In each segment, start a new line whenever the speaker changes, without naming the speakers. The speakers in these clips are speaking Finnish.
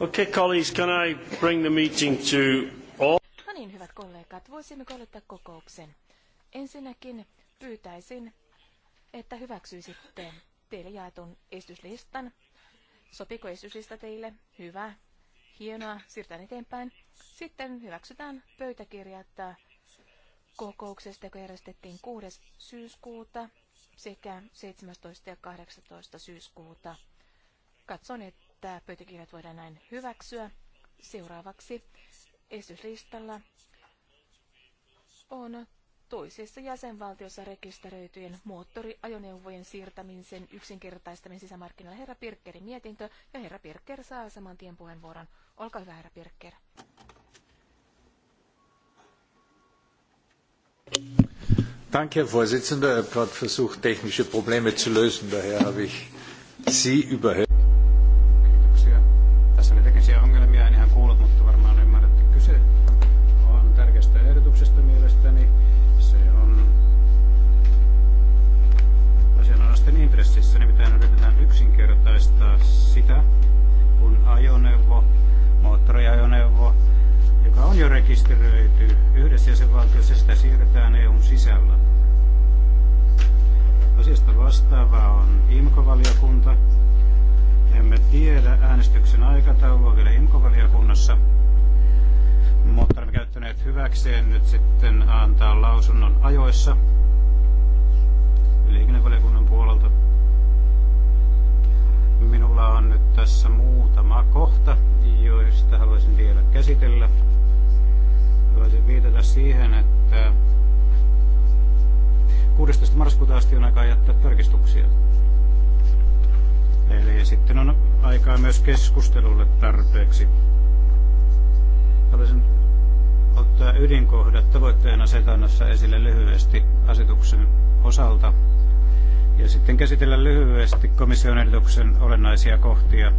Okay, colleagues, can I bring the meeting to all?
No niin, hyvät kollegat, voisimmeko aloittaa kokouksen. Ensinnäkin pyytäisin, että hyväksyisitte teille jaetun esityslistan. Sopiko esityslista teille? Hyvä. Hienoa. Siirrytään eteenpäin. Sitten hyväksytään pöytäkirjat kokouksesta, joka järjestettiin 6. syyskuuta sekä 17. ja 18. syyskuuta. Katson, että että pöytäkirjat voidaan näin hyväksyä. Seuraavaksi esityslistalla on toisessa jäsenvaltiossa rekisteröityjen moottoriajoneuvojen siirtämisen yksinkertaistaminen sisämarkkinoilla herra Pirkkerin mietintö ja herra Pirkker saa saman tien puheenvuoron. Olkaa hyvä herra Pirkker.
Danke, Herr Vorsitzender. Ich er habe gerade versucht, technische Probleme zu lösen. Daher habe ich Sie überhört. äänestyksen aikataulua vielä imkovaliokunnassa, mutta olemme käyttäneet hyväkseen nyt sitten antaa lausunnon ajoissa liikennevaliokunnan puolelta. Minulla on nyt tässä muutama kohta, joista haluaisin vielä käsitellä. Haluaisin viitata siihen, että 16. marraskuuta asti on aika jättää tarkistuksia. Eli sitten on aikaa myös keskustelulle tarpeeksi. Haluaisin ottaa ydinkohdat tavoitteen asetannassa esille lyhyesti asetuksen osalta ja sitten käsitellä lyhyesti komission ehdotuksen olennaisia kohtia.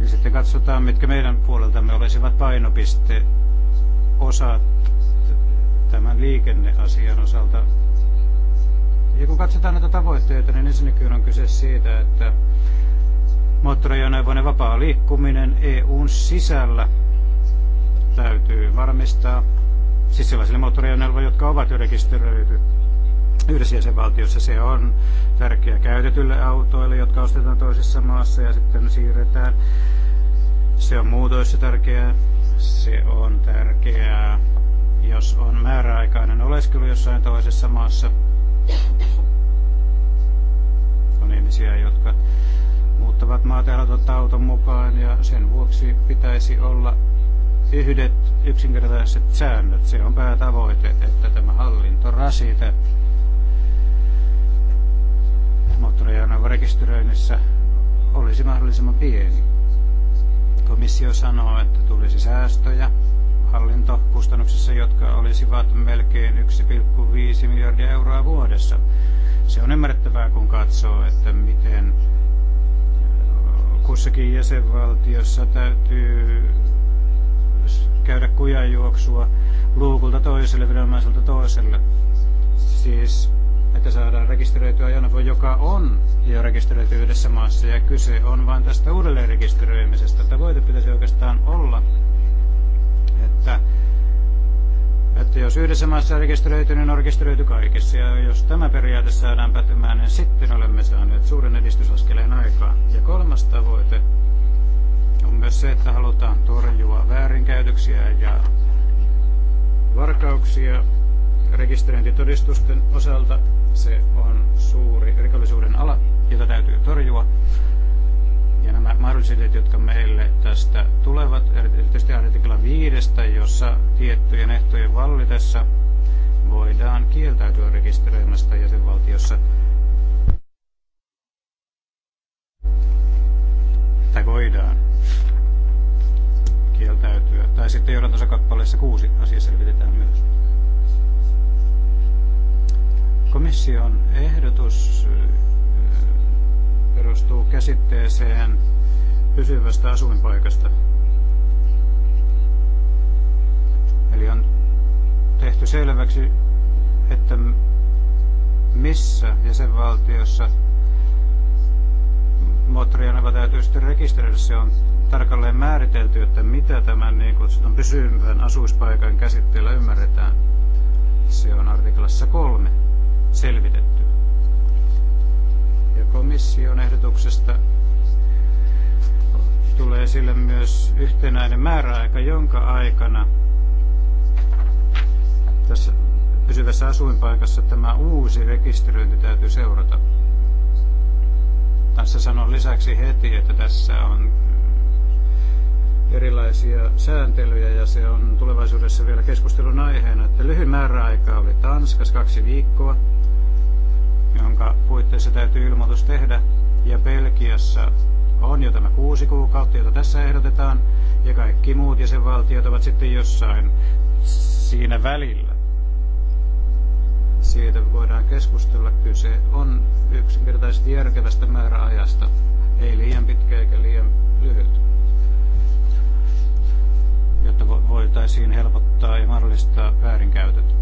Ja sitten katsotaan, mitkä meidän puoleltamme olisivat painopisteosat tämän liikenneasian osalta ja kun katsotaan näitä tavoitteita, niin ensinnäkin on kyse siitä, että moottoriajoneuvojen vapaa liikkuminen EUn sisällä täytyy varmistaa. Siis sellaisille moottoriajoneuvoille, jotka ovat jo rekisteröity yhdessä jäsenvaltiossa. Se on tärkeä käytetylle autoille, jotka ostetaan toisessa maassa ja sitten siirretään. Se on muutoissa tärkeää. Se on tärkeää, jos on määräaikainen oleskelu jossain toisessa maassa. On ihmisiä, jotka muuttavat maata ja haluavat auton mukaan ja sen vuoksi pitäisi olla yhdet yksinkertaiset säännöt. Se on päätavoite, että tämä hallinto rasite moottoriajoneuvon rekisteröinnissä olisi mahdollisimman pieni. Komissio sanoo, että tulisi säästöjä hallintokustannuksissa, jotka olisivat melkein 1,5 miljardia euroa vuodessa. Se on ymmärrettävää, kun katsoo, että miten äh, kussakin jäsenvaltiossa täytyy käydä kujanjuoksua luukulta toiselle, viranomaiselta toiselle. Siis, että saadaan rekisteröityä ajoneuvo, joka on jo rekisteröity yhdessä maassa, ja kyse on vain tästä uudelleenrekisteröimisestä. Tavoite pitäisi oikeastaan olla että, että jos yhdessä maassa on rekisteröity, niin on rekisteröity kaikessa. Ja jos tämä periaate saadaan pätemään, niin sitten olemme saaneet suuren edistysaskeleen aikaan. Ja kolmas tavoite on myös se, että halutaan torjua väärinkäytöksiä ja varkauksia rekisteröintitodistusten osalta. Se on suuri rikollisuuden ala, jota täytyy torjua ja nämä mahdollisuudet, jotka meille tästä tulevat, erityisesti artikla 5, jossa tiettyjen ehtojen vallitessa voidaan kieltäytyä rekisteröimästä jäsenvaltiossa tai voidaan kieltäytyä. Tai sitten johdantonsa kappaleessa kuusi asia selvitetään myös. Komission ehdotus perustuu käsitteeseen pysyvästä asuinpaikasta. Eli on tehty selväksi, että missä jäsenvaltiossa moottorianava täytyy sitten rekisteröidä. Se on tarkalleen määritelty, että mitä tämän niin kutsutun pysyvän asuispaikan käsitteellä ymmärretään. Se on artiklassa kolme selvitetty ja komission ehdotuksesta tulee sille myös yhtenäinen määräaika, jonka aikana tässä pysyvässä asuinpaikassa tämä uusi rekisteröinti täytyy seurata. Tässä sanon lisäksi heti, että tässä on erilaisia sääntelyjä ja se on tulevaisuudessa vielä keskustelun aiheena, että lyhyin määräaika oli Tanskas kaksi viikkoa, jonka puitteissa täytyy ilmoitus tehdä, ja Belgiassa on jo tämä kuusi kuukautta, jota tässä ehdotetaan, ja kaikki muut jäsenvaltiot ovat sitten jossain siinä välillä. Siitä voidaan keskustella. Kyse on yksinkertaisesti järkevästä määräajasta, ei liian pitkä eikä liian lyhyt, jotta voitaisiin helpottaa ja mahdollistaa väärinkäytöt.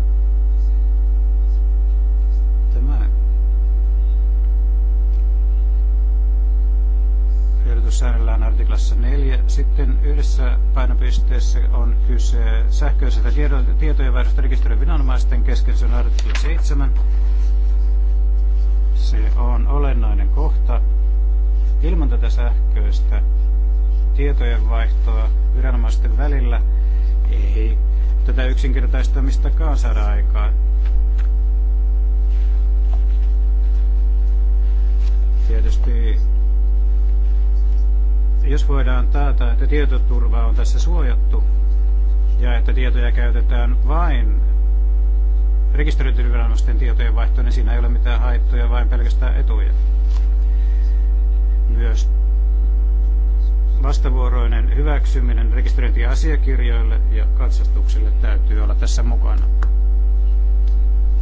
Tämä ehdotus säännellään artiklassa 4. Sitten yhdessä painopisteessä on kyse sähköisestä tiedo- tietojenvaihdosta rekisteröiden viranomaisten kesken. Se on artikla 7. Se on olennainen kohta. Ilman tätä sähköistä tietojenvaihtoa viranomaisten välillä ei tätä yksinkertaistamistakaan saada aikaan. Tietysti jos voidaan taata, että tietoturva on tässä suojattu ja että tietoja käytetään vain rekisteröityviranomaisten tietojen vaihtoon, niin siinä ei ole mitään haittoja, vain pelkästään etuja. Myös vastavuoroinen hyväksyminen rekisteröintiasiakirjoille ja katsastuksille täytyy olla tässä mukana.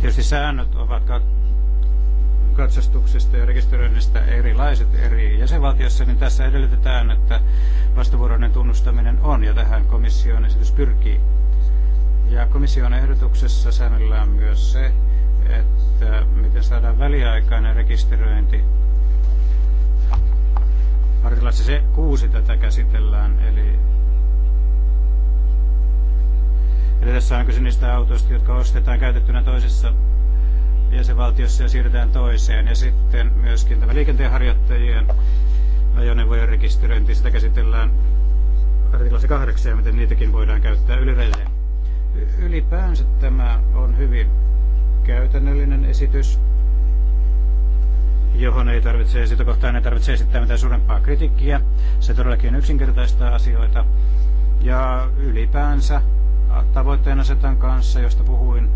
Tietysti säännöt ovat katsastuksesta ja rekisteröinnistä erilaiset eri jäsenvaltiossa, niin tässä edellytetään, että vastavuoroinen tunnustaminen on, ja tähän komission esitys pyrkii. Ja komission ehdotuksessa säännellään myös se, että miten saadaan väliaikainen rekisteröinti. Artiklassa se kuusi tätä käsitellään, eli Eli tässä on kyse niistä autoista, jotka ostetaan käytettynä toisessa jäsenvaltiossa ja siirretään toiseen. Ja sitten myöskin tämä liikenteenharjoittajien ajoneuvojen rekisteröinti, sitä käsitellään artiklassa 8 ja miten niitäkin voidaan käyttää ylirajojen. Ylipäänsä tämä on hyvin käytännöllinen esitys, johon ei tarvitse, sitä kohtaan ei tarvitse esittää mitään suurempaa kritiikkiä. Se todellakin yksinkertaistaa asioita. Ja ylipäänsä tavoitteen asetan kanssa, josta puhuin,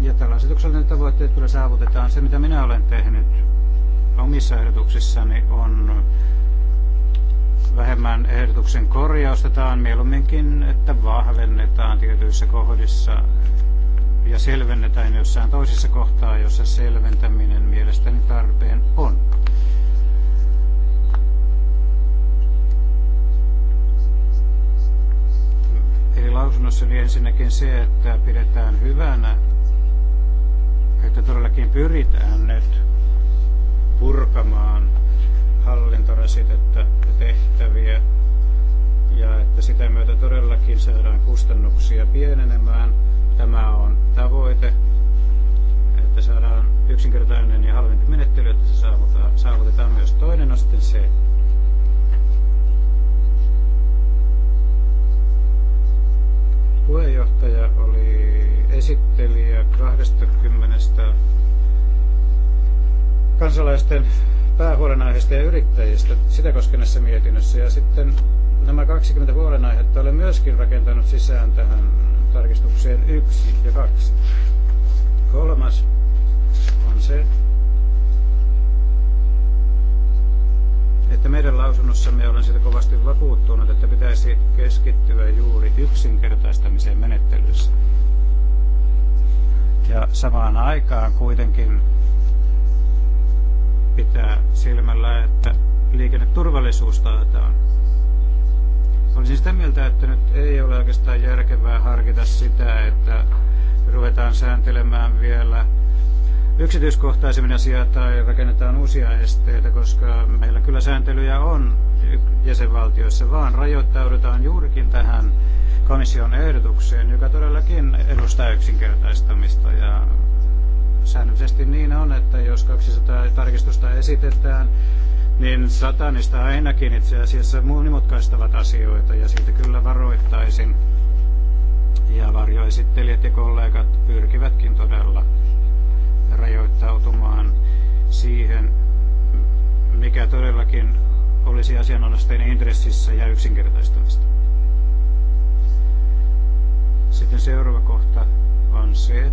ja tällä asetuksella ne tavoitteet kyllä saavutetaan. Se, mitä minä olen tehnyt omissa ehdotuksissani, on vähemmän ehdotuksen korjaustetaan mieluumminkin, että vahvennetaan tietyissä kohdissa ja selvennetään jossain toisessa kohtaa, jossa selventäminen mielestäni tarpeen on. Eli lausunnossani ensinnäkin se, että pidetään hyvänä että todellakin pyritään nyt purkamaan hallintorasitetta ja tehtäviä ja että sitä myötä todellakin saadaan kustannuksia pienenemään. Tämä on tavoite, että saadaan yksinkertainen ja hallinnin menettely, että se saavutetaan, saavutetaan myös toinen on se, puheenjohtaja oli esittelijä 20 kansalaisten päähuolenaiheista ja yrittäjistä sitä koskenessa mietinnössä. Ja sitten nämä 20 huolenaihetta olen myöskin rakentanut sisään tähän tarkistukseen yksi ja kaksi. Kolmas on se, että meidän lausunnossamme olen siitä kovasti vakuuttunut, että pitäisi keskittyä juuri yksinkertaistamiseen menettelyssä. Ja samaan aikaan kuitenkin pitää silmällä, että liikenneturvallisuus taataan. Olisin sitä mieltä, että nyt ei ole oikeastaan järkevää harkita sitä, että ruvetaan sääntelemään vielä yksityiskohtaisemmin asiaa tai rakennetaan uusia esteitä, koska meillä kyllä sääntelyjä on jäsenvaltioissa, vaan rajoittaudutaan juurikin tähän komission ehdotukseen, joka todellakin edustaa yksinkertaistamista ja säännöllisesti niin on, että jos 200 tarkistusta esitetään, niin satanista ainakin itse asiassa monimutkaistavat asioita ja siitä kyllä varoittaisin. Ja varjoesittelijät ja kollegat pyrkivätkin todella rajoittautumaan siihen, mikä todellakin olisi asianomistajien intressissä ja yksinkertaistamista. Sitten seuraava kohta on se,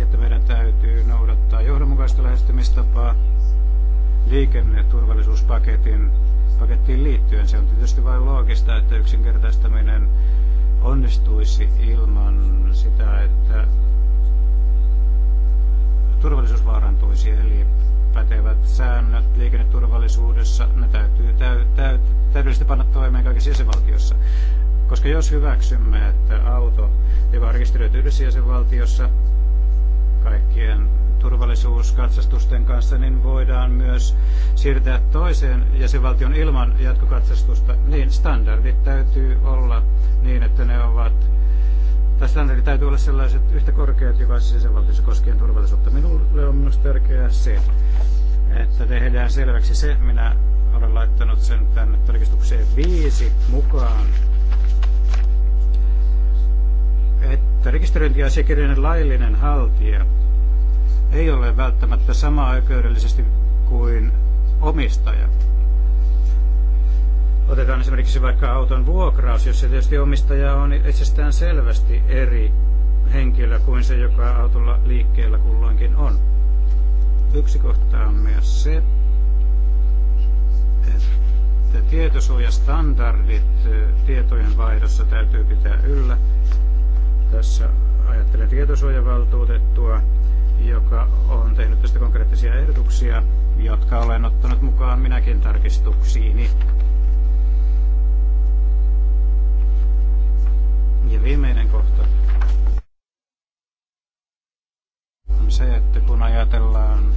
että meidän täytyy noudattaa johdonmukaista lähestymistapaa liikenneturvallisuuspaketin pakettiin liittyen. Se on tietysti vain loogista, että yksinkertaistaminen onnistuisi ilman sitä, että turvallisuus vaarantuisi. Eli pätevät säännöt liikenneturvallisuudessa, ne täytyy täy, täy, täydellisesti panna toimeen kaikissa jäsenvaltiossa. Koska jos hyväksymme, että auto, joka on rekisteröity yhdessä kaikkien turvallisuuskatsastusten kanssa, niin voidaan myös siirtää toiseen jäsenvaltion ilman jatkokatsastusta, niin standardit täytyy olla niin, että ne ovat tai standardit täytyy olla sellaiset yhtä korkeat jokaisessa jäsenvaltiossa koskien turvallisuutta. Minulle on myös tärkeää se, että tehdään selväksi se, minä olen laittanut sen tänne tarkistukseen viisi mukaan, rekisteröintiasiakirjojen laillinen haltija ei ole välttämättä sama oikeudellisesti kuin omistaja. Otetaan esimerkiksi vaikka auton vuokraus, jossa tietysti omistaja on itsestään selvästi eri henkilö kuin se, joka autolla liikkeellä kulloinkin on. Yksi kohta on myös se, että tietosuojastandardit tietojen vaihdossa täytyy pitää yllä – tässä ajattelen tietosuojavaltuutettua, joka on tehnyt tästä konkreettisia ehdotuksia, jotka olen ottanut mukaan minäkin tarkistuksiini. Ja viimeinen kohta on se, että kun ajatellaan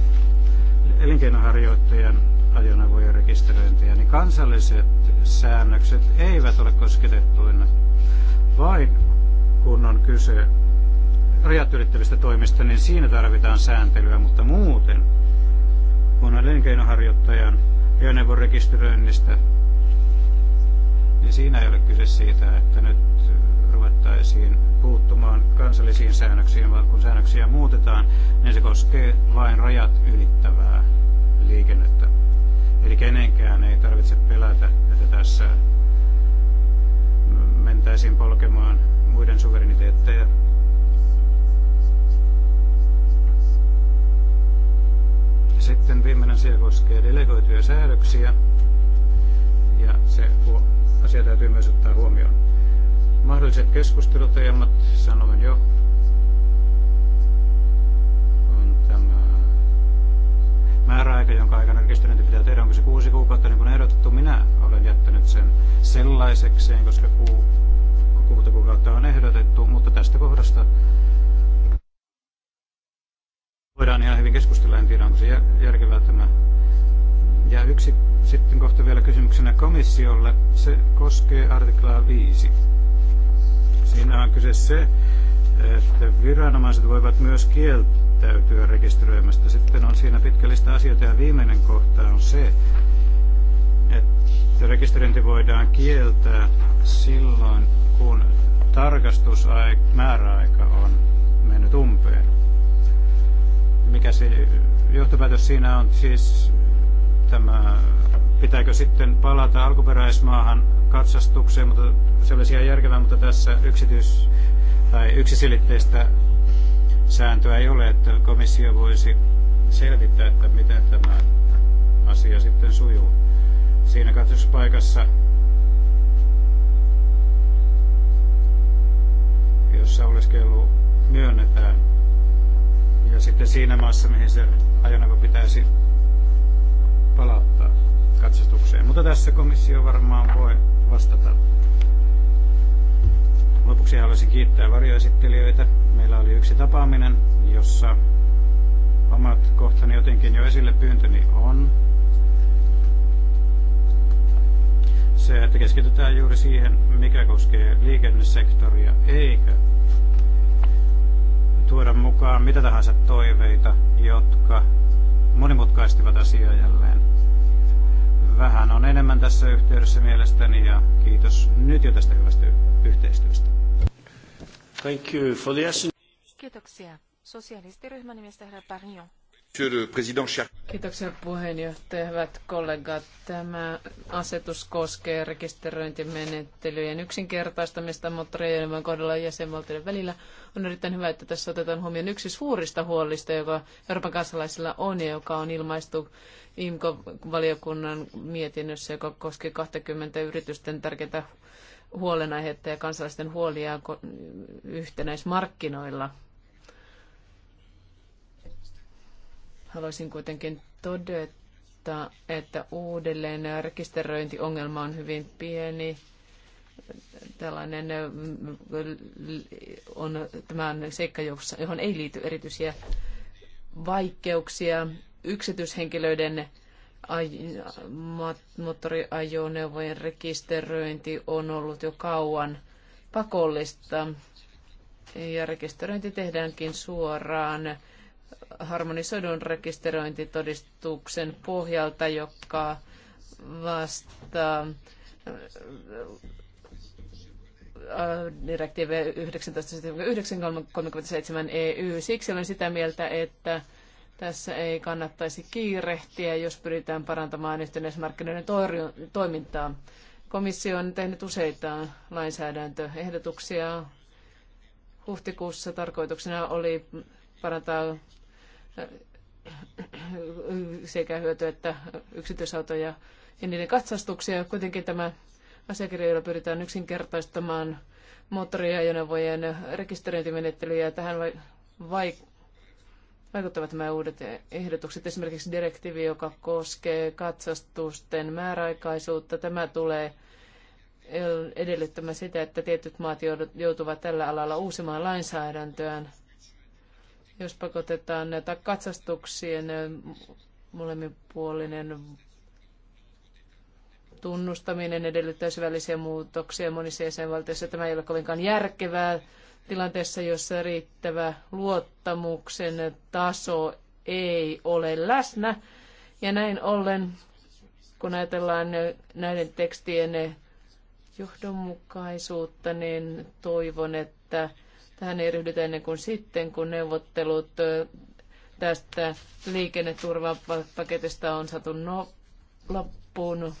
elinkeinoharjoittajan ajoneuvojen rekisteröintiä, niin kansalliset säännökset eivät ole kosketettuina. Vain kun on kyse rajat ylittävistä toimista, niin siinä tarvitaan sääntelyä, mutta muuten, kun on elinkeinoharjoittajan ja rekisteröinnistä, niin siinä ei ole kyse siitä, että nyt ruvettaisiin puuttumaan kansallisiin säännöksiin, vaan kun säännöksiä muutetaan, niin se koskee vain rajat ylittävää liikennettä. Eli kenenkään ei tarvitse pelätä, että tässä mentäisiin polkemaan muiden suvereniteetteja. Sitten viimeinen asia koskee delegoituja säädöksiä ja se asia täytyy myös ottaa huomioon. Mahdolliset keskusteluteemat sanoin jo, on tämä määräaika, jonka aikana rekisteröinti pitää tehdä, onko se kuusi kuukautta, niin kuin ehdotettu, minä olen jättänyt sen sellaisekseen, koska kuu, kuuta kuukautta on ehdotettu, mutta tästä kohdasta voidaan ihan hyvin keskustella, en tiedä onko se järkevää tämä. Ja yksi sitten kohta vielä kysymyksenä komissiolle, se koskee artiklaa 5. Siinä on kyse se, että viranomaiset voivat myös kieltäytyä rekisteröimästä. Sitten on siinä pitkällistä asioita ja viimeinen kohta on se, että rekisteröinti voidaan kieltää silloin, kun tarkastusmääräaika on mennyt umpeen. Mikä se johtopäätös siinä on siis tämä, pitääkö sitten palata alkuperäismaahan katsastukseen, mutta se olisi ihan järkevää, mutta tässä yksityis- tai yksiselitteistä sääntöä ei ole, että komissio voisi selvittää, että miten tämä asia sitten sujuu. Siinä katsospaikassa. jossa oleskelu myönnetään. Ja sitten siinä maassa, mihin se ajoneuvo pitäisi palauttaa katsastukseen. Mutta tässä komissio varmaan voi vastata. Lopuksi haluaisin kiittää varjoesittelijöitä. Meillä oli yksi tapaaminen, jossa omat kohtani jotenkin jo esille pyyntöni on se, että keskitytään juuri siihen, mikä koskee liikennesektoria, eikä tuoda mukaan mitä tahansa toiveita, jotka monimutkaistivat asiaa jälleen. Vähän on enemmän tässä yhteydessä mielestäni ja kiitos nyt jo tästä hyvästä yhteistyöstä. Thank you for the
Kiitoksia. Sosialistiryhmän nimestä herra Parion.
Kiitoksia puheenjohtaja. Hyvät kollegat, tämä asetus koskee rekisteröintimenettelyjen yksinkertaistamista moottoriajoneuvojen kohdalla jäsenvaltioiden välillä. On erittäin hyvä, että tässä otetaan huomioon yksi suurista huolista, joka Euroopan kansalaisilla on ja joka on ilmaistu IMCO-valiokunnan mietinnössä, joka koskee 20 yritysten tärkeintä huolenaihetta ja kansalaisten huolia yhtenäismarkkinoilla – Haluaisin kuitenkin todeta, että uudelleen rekisteröintiongelma on hyvin pieni. Tällainen mm, on tämän seikka, johon ei liity erityisiä vaikeuksia. Yksityishenkilöiden moottoriajoneuvojen rekisteröinti on ollut jo kauan pakollista ja rekisteröinti tehdäänkin suoraan harmonisoidun rekisteröintitodistuksen pohjalta, joka vastaa äh, direktiivi 1937 EU. Siksi olen sitä mieltä, että tässä ei kannattaisi kiirehtiä, jos pyritään parantamaan yhtenäismarkkinoiden toimintaa. Komissio on tehnyt useita lainsäädäntöehdotuksia. Huhtikuussa tarkoituksena oli parantaa äh, sekä hyötyä että yksityisautoja ja niiden katsastuksia. Kuitenkin tämä asiakirja, jolla pyritään yksinkertaistamaan moottoriajoneuvojen rekisteröintimenettelyjä. Tähän vaikuttavat nämä uudet ehdotukset, esimerkiksi direktiivi, joka koskee katsastusten määräaikaisuutta. Tämä tulee edellyttämään sitä, että tietyt maat joutuvat tällä alalla uusimaan lainsäädäntöään – jos pakotetaan näitä katsastuksien molemminpuolinen tunnustaminen edellyttää syvällisiä muutoksia monissa jäsenvaltioissa. Tämä ei ole kovinkaan järkevää tilanteessa, jossa riittävä luottamuksen taso ei ole läsnä. Ja näin ollen, kun ajatellaan näiden tekstien johdonmukaisuutta, niin toivon, että Tähän ei ryhdytä ennen kuin sitten, kun neuvottelut tästä liikenneturvapaketista on saatu no, loppuun.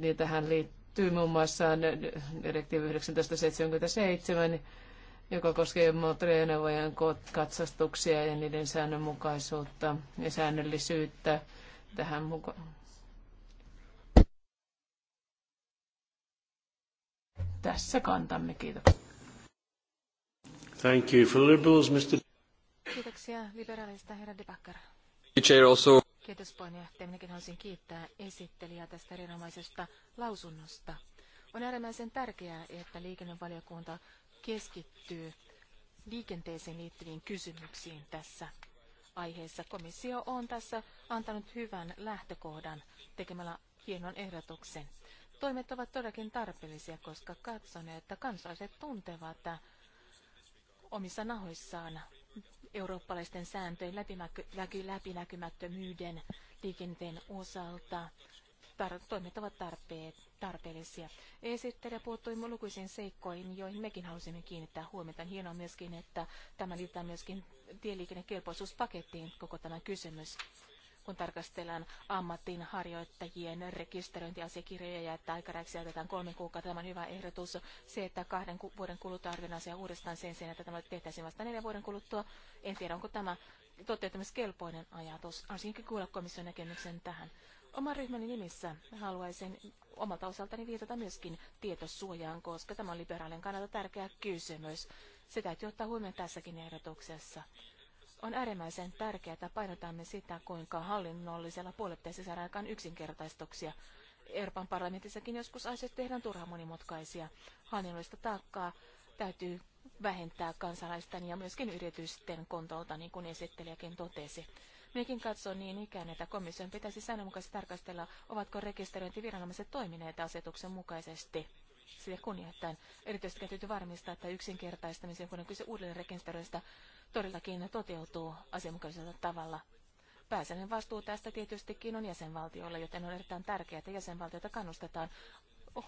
Ja tähän liittyy muun muassa direktiivi 1977, joka koskee moottoriajoneuvojen katsastuksia ja niiden säännönmukaisuutta ja säännöllisyyttä. Tähän mukaan
tässä kantamme. Kiitoksia. Thank you for liberals, Mr. Kiitoksia liberaalista, herra De Backer. Kiitos puheenjohtaja. Minäkin haluaisin kiittää esittelijää tästä erinomaisesta lausunnosta. On äärimmäisen tärkeää, että liikennevaliokunta keskittyy liikenteeseen liittyviin kysymyksiin tässä aiheessa. Komissio on tässä antanut hyvän lähtökohdan tekemällä hienon ehdotuksen toimet ovat todellakin tarpeellisia, koska katson, että kansalaiset tuntevat omissa nahoissaan eurooppalaisten sääntöjen läpinäkymättömyyden liikenteen osalta. Tar- toimet ovat tarpeet, tarpeellisia. Esittelijä puuttui lukuisiin seikkoihin, joihin mekin halusimme kiinnittää huomiota. Hienoa myöskin, että tämä liittää myöskin tieliikennekelpoisuuspakettiin koko tämä kysymys kun tarkastellaan ammattiin harjoittajien rekisteröintiasiakirjoja ja että aikaraiksi jätetään kolme kuukautta. Tämä on hyvä ehdotus. Se, että kahden vuoden kuluttua arvioidaan asia uudestaan sen sijaan, että tämä tehtäisiin vasta neljän vuoden kuluttua. En tiedä, onko tämä toteuttamiskelpoinen ajatus. Haluaisinkin kuulla komission näkemyksen tähän. Oman ryhmäni nimissä haluaisin omalta osaltani viitata myöskin tietosuojaan, koska tämä on liberaalien kannalta tärkeä kysymys. Se täytyy ottaa huomioon tässäkin ehdotuksessa. On äärimmäisen tärkeää, että painotamme sitä, kuinka hallinnollisella puolella pitäisi saada aikaan yksinkertaistuksia. Euroopan parlamentissakin joskus asiat tehdään turhan monimutkaisia. Hallinnollista taakkaa täytyy vähentää kansalaisten ja myöskin yritysten kontolta, niin kuin esittelijäkin totesi. Minäkin katson niin ikään, että komission pitäisi säännönmukaisesti tarkastella, ovatko rekisteröintiviranomaiset toimineet asetuksen mukaisesti. Sille kunnioittain erityisesti täytyy varmistaa, että yksinkertaistamisen, kun on kyse uudelleen rekisteröistä, todellakin toteutuu asianmukaisella tavalla. Pääsäinen vastuu tästä tietystikin on jäsenvaltioilla, joten on erittäin tärkeää, että jäsenvaltioita kannustetaan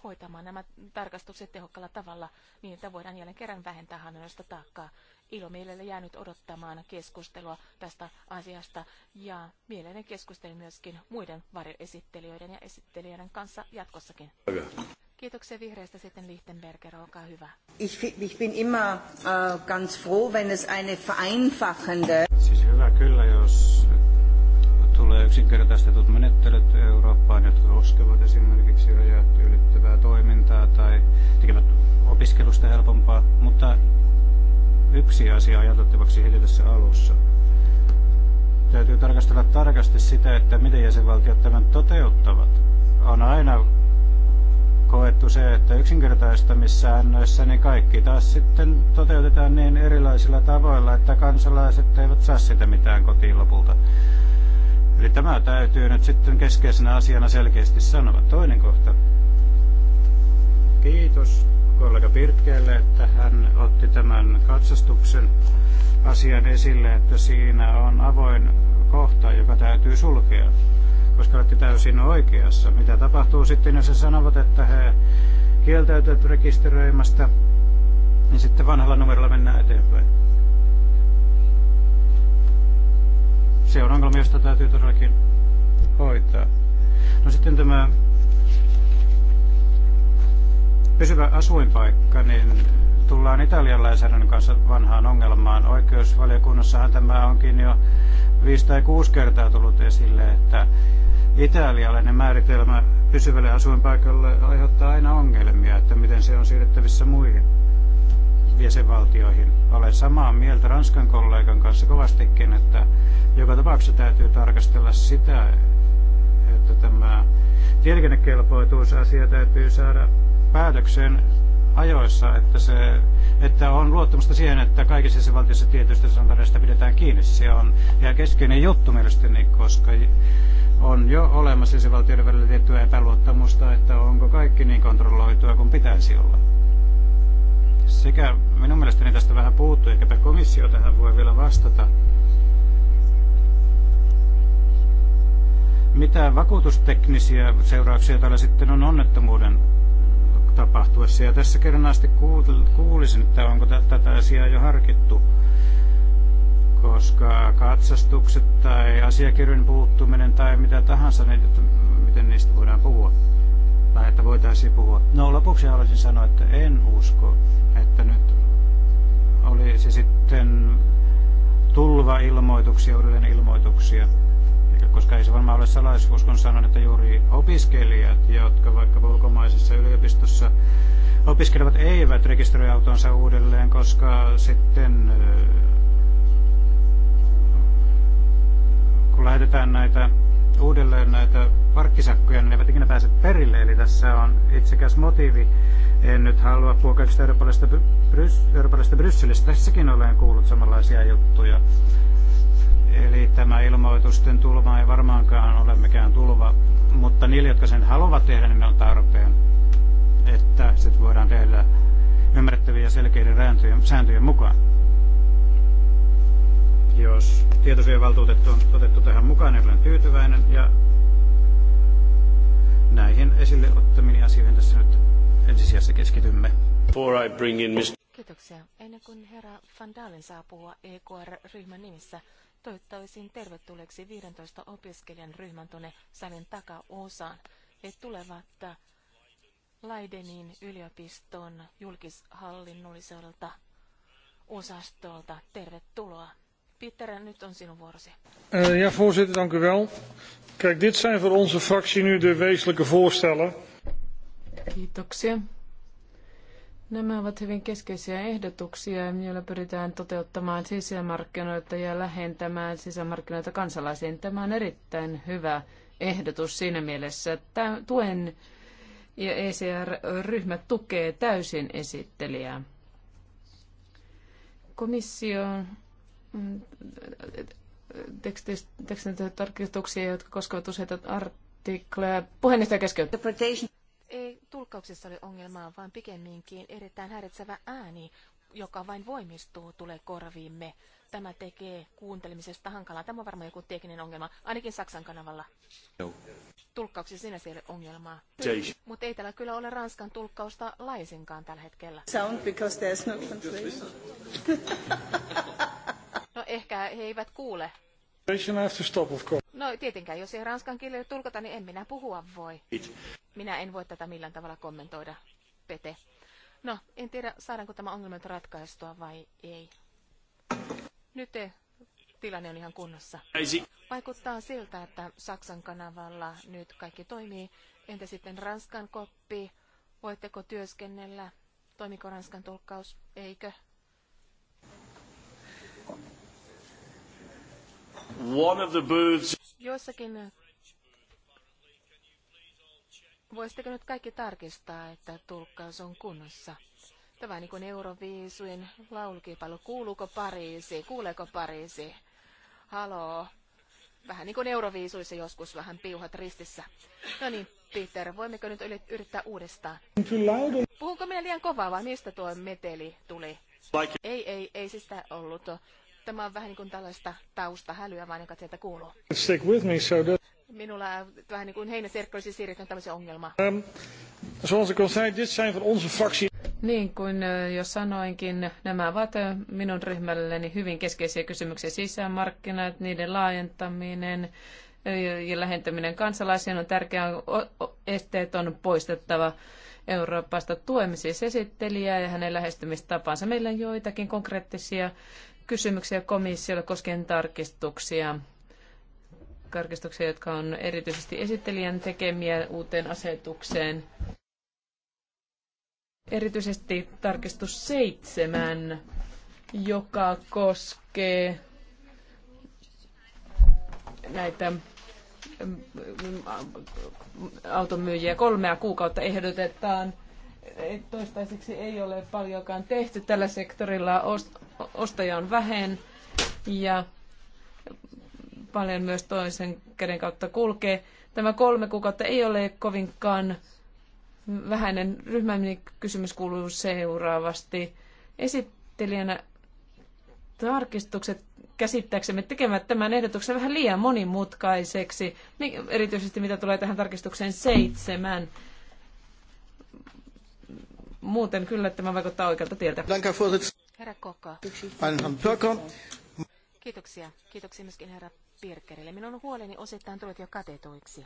hoitamaan nämä tarkastukset tehokkaalla tavalla niin, että voidaan jälleen kerran vähentää hallinnollista taakkaa. Ilo mielelle jäänyt odottamaan keskustelua tästä asiasta ja mielelläni keskustelin myöskin muiden varjoesittelijöiden ja esittelijöiden kanssa jatkossakin. Kiitoksia vihreästä sitten Lichtenberger,
olkaa hyvä. Ich, ich bin immer äh, ganz froh, wenn es eine vereinfachende... Siis hyvä kyllä, jos tulee yksinkertaistetut menettelyt Eurooppaan, jotka koskevat esimerkiksi rajat ylittävää toimintaa tai tekevät opiskelusta helpompaa, mutta yksi asia ajateltavaksi heti tässä alussa. Täytyy tarkastella tarkasti sitä, että miten jäsenvaltiot tämän toteuttavat. On aina koettu se, että yksinkertaistamissäännöissä niin kaikki taas sitten toteutetaan niin erilaisilla tavoilla, että kansalaiset eivät saa sitä mitään kotiin lopulta. Eli tämä täytyy nyt sitten keskeisenä asiana selkeästi sanoa. Toinen kohta. Kiitos kollega Pirkkeelle, että hän otti tämän katsastuksen asian esille, että siinä on avoin kohta, joka täytyy sulkea koska olette täysin oikeassa. Mitä tapahtuu sitten, jos he sanovat, että he kieltäytyvät rekisteröimästä, niin sitten vanhalla numerolla mennään eteenpäin. Se on ongelma, josta täytyy todellakin hoitaa. No sitten tämä pysyvä asuinpaikka, niin tullaan italian lainsäädännön kanssa vanhaan ongelmaan. Oikeusvaliokunnassahan tämä onkin jo viisi tai kuusi kertaa tullut esille, että Italialainen niin määritelmä pysyvälle asuinpaikalle aiheuttaa aina ongelmia, että miten se on siirrettävissä muihin jäsenvaltioihin. Olen samaa mieltä Ranskan kollegan kanssa kovastikin, että joka tapauksessa täytyy tarkastella sitä, että tämä tieliikennekelpoituusasia täytyy saada päätökseen ajoissa, että, se, että on luottamusta siihen, että kaikissa valtiossa tietystä standardeista pidetään kiinni. Se on ihan keskeinen juttu mielestäni, koska on jo olemassa se valtioiden välillä tiettyä epäluottamusta, että onko kaikki niin kontrolloitua kuin pitäisi olla. Sekä minun mielestäni tästä vähän puuttuu, eikä komissio tähän voi vielä vastata. Mitä vakuutusteknisiä seurauksia täällä sitten on onnettomuuden tapahtuessa? Ja tässä kerran asti kuulisin, että onko tätä asiaa jo harkittu koska katsastukset tai asiakirjojen puuttuminen tai mitä tahansa, niin että miten niistä voidaan puhua tai että voitaisiin puhua. No lopuksi haluaisin sanoa, että en usko, että nyt oli se sitten tulva ilmoituksia, uudelleen ilmoituksia, koska ei se varmaan ole salaisuus, kun sanon, että juuri opiskelijat, jotka vaikka ulkomaisessa yliopistossa opiskelevat, eivät rekisteröi autonsa uudelleen, koska sitten kun lähetetään näitä uudelleen näitä parkkisakkoja, niin ne eivät ikinä pääse perille. Eli tässä on itsekäs motiivi. En nyt halua puhua kaikista eurooppalaisista, Brys- eurooppalaisista Brysselistä. Tässäkin olen kuullut samanlaisia juttuja. Eli tämä ilmoitusten tulva ei varmaankaan ole mikään tulva, mutta niille, jotka sen haluavat tehdä, niin ne on tarpeen, että sitten voidaan tehdä ymmärrettäviä ja selkeiden sääntöjen mukaan jos tietosuojavaltuutettu on otettu tähän mukaan, niin olen tyytyväinen ja näihin esille ottamiin asioihin tässä nyt ensisijassa keskitymme.
Kiitoksia. Ennen kuin herra Van Dalen saa puhua EKR-ryhmän nimissä, toivottaisin tervetulleeksi 15 opiskelijan ryhmän tuonne salin takaosaan. He tulevat Laidenin yliopiston julkishallinnolliselta osastolta. Tervetuloa. Peter, nyt on sinun vuorosi.
Eh, ja voorzitter, dank u wel. Kijk, dit zijn voor onze fractie nu de wezenlijke voorstellen.
Kiitoksia. Nämä ovat hyvin keskeisiä ehdotuksia, joilla pyritään toteuttamaan sisämarkkinoita ja lähentämään sisämarkkinoita kansalaisiin. Tämä on erittäin hyvä ehdotus siinä mielessä, että tuen ja ECR-ryhmä tukee täysin esittelijää. Komission Mm, tekstin tarkistuksia, jotka koskevat useita artikleja. Puheenjohtaja keskeyttää.
Ei tulkauksessa ole ongelmaa, vaan pikemminkin erittäin häiritsevä ääni, joka vain voimistuu, tulee korviimme. Tämä tekee kuuntelemisesta hankalaa. Tämä on varmaan joku tekninen ongelma, ainakin Saksan kanavalla. No. Tulkkauksessa sinä ei ole ongelmaa. Mutta ei täällä kyllä ole Ranskan tulkkausta laisinkaan tällä hetkellä. Sound because there's no translation. No ehkä he eivät kuule. No tietenkään, jos ei ranskan kielellä tulkata, niin en minä puhua voi. Minä en voi tätä millään tavalla kommentoida, Pete. No, en tiedä, saadaanko tämä ongelma ratkaistua vai ei. Nyt tilanne on ihan kunnossa. Vaikuttaa siltä, että Saksan kanavalla nyt kaikki toimii. Entä sitten Ranskan koppi? Voitteko työskennellä? Toimiko Ranskan tulkkaus? Eikö?
One of the booths...
Jossakin... Voisitteko nyt kaikki tarkistaa, että tulkkaus on kunnossa? Tämä niin kuin Euroviisuin laulukilpailu. Kuuluuko Pariisi? Kuuleeko Pariisi? Haloo. Vähän niin kuin Euroviisuissa joskus vähän piuhat ristissä. No niin, Peter, voimmeko nyt yrittää uudestaan? Puhunko minä liian kovaa vai mistä tuo meteli tuli? Ei, ei, ei, siis sitä ollut. Tämä on vähän niin kuin tällaista taustahälyä vaan, joka sieltä kuuluu. Stick with me, so that... Minulla äh, vähän niin kuin heinäserkko olisi siirrytty tämmöisen ongelmaan. Um, zoals ik al zei, dit zijn van onze fractie.
Niin kuin äh, jo sanoinkin, nämä ovat äh, minun ryhmälleni hyvin keskeisiä kysymyksiä. Sisämarkkinat, niiden laajentaminen ja lähentäminen kansalaisiin on tärkeää. Esteet on poistettava Euroopasta. Tuemme siis esittelijää ja hänen lähestymistapaansa. Meillä on joitakin konkreettisia kysymyksiä komissiolle koskien tarkistuksia. Tarkistuksia, jotka on erityisesti esittelijän tekemiä uuteen asetukseen. Erityisesti tarkistus seitsemän, joka koskee näitä mm, mm, automyyjiä kolmea kuukautta ehdotetaan – toistaiseksi ei ole paljonkaan tehty tällä sektorilla. Ostaja on vähän ja paljon myös toisen käden kautta kulkee. Tämä kolme kuukautta ei ole kovinkaan vähäinen ryhmäni niin kysymys kuuluu seuraavasti. Esittelijänä tarkistukset käsittääksemme tekemään tämän ehdotuksen vähän liian monimutkaiseksi, niin erityisesti mitä tulee tähän tarkistukseen seitsemän Muuten kyllä tämä vaikuttaa oikealta tieltä.
Herra Koko. Kiitoksia. Kiitoksia myöskin herra Pirkerille. Minun huoleni osittain tulet jo katetuiksi.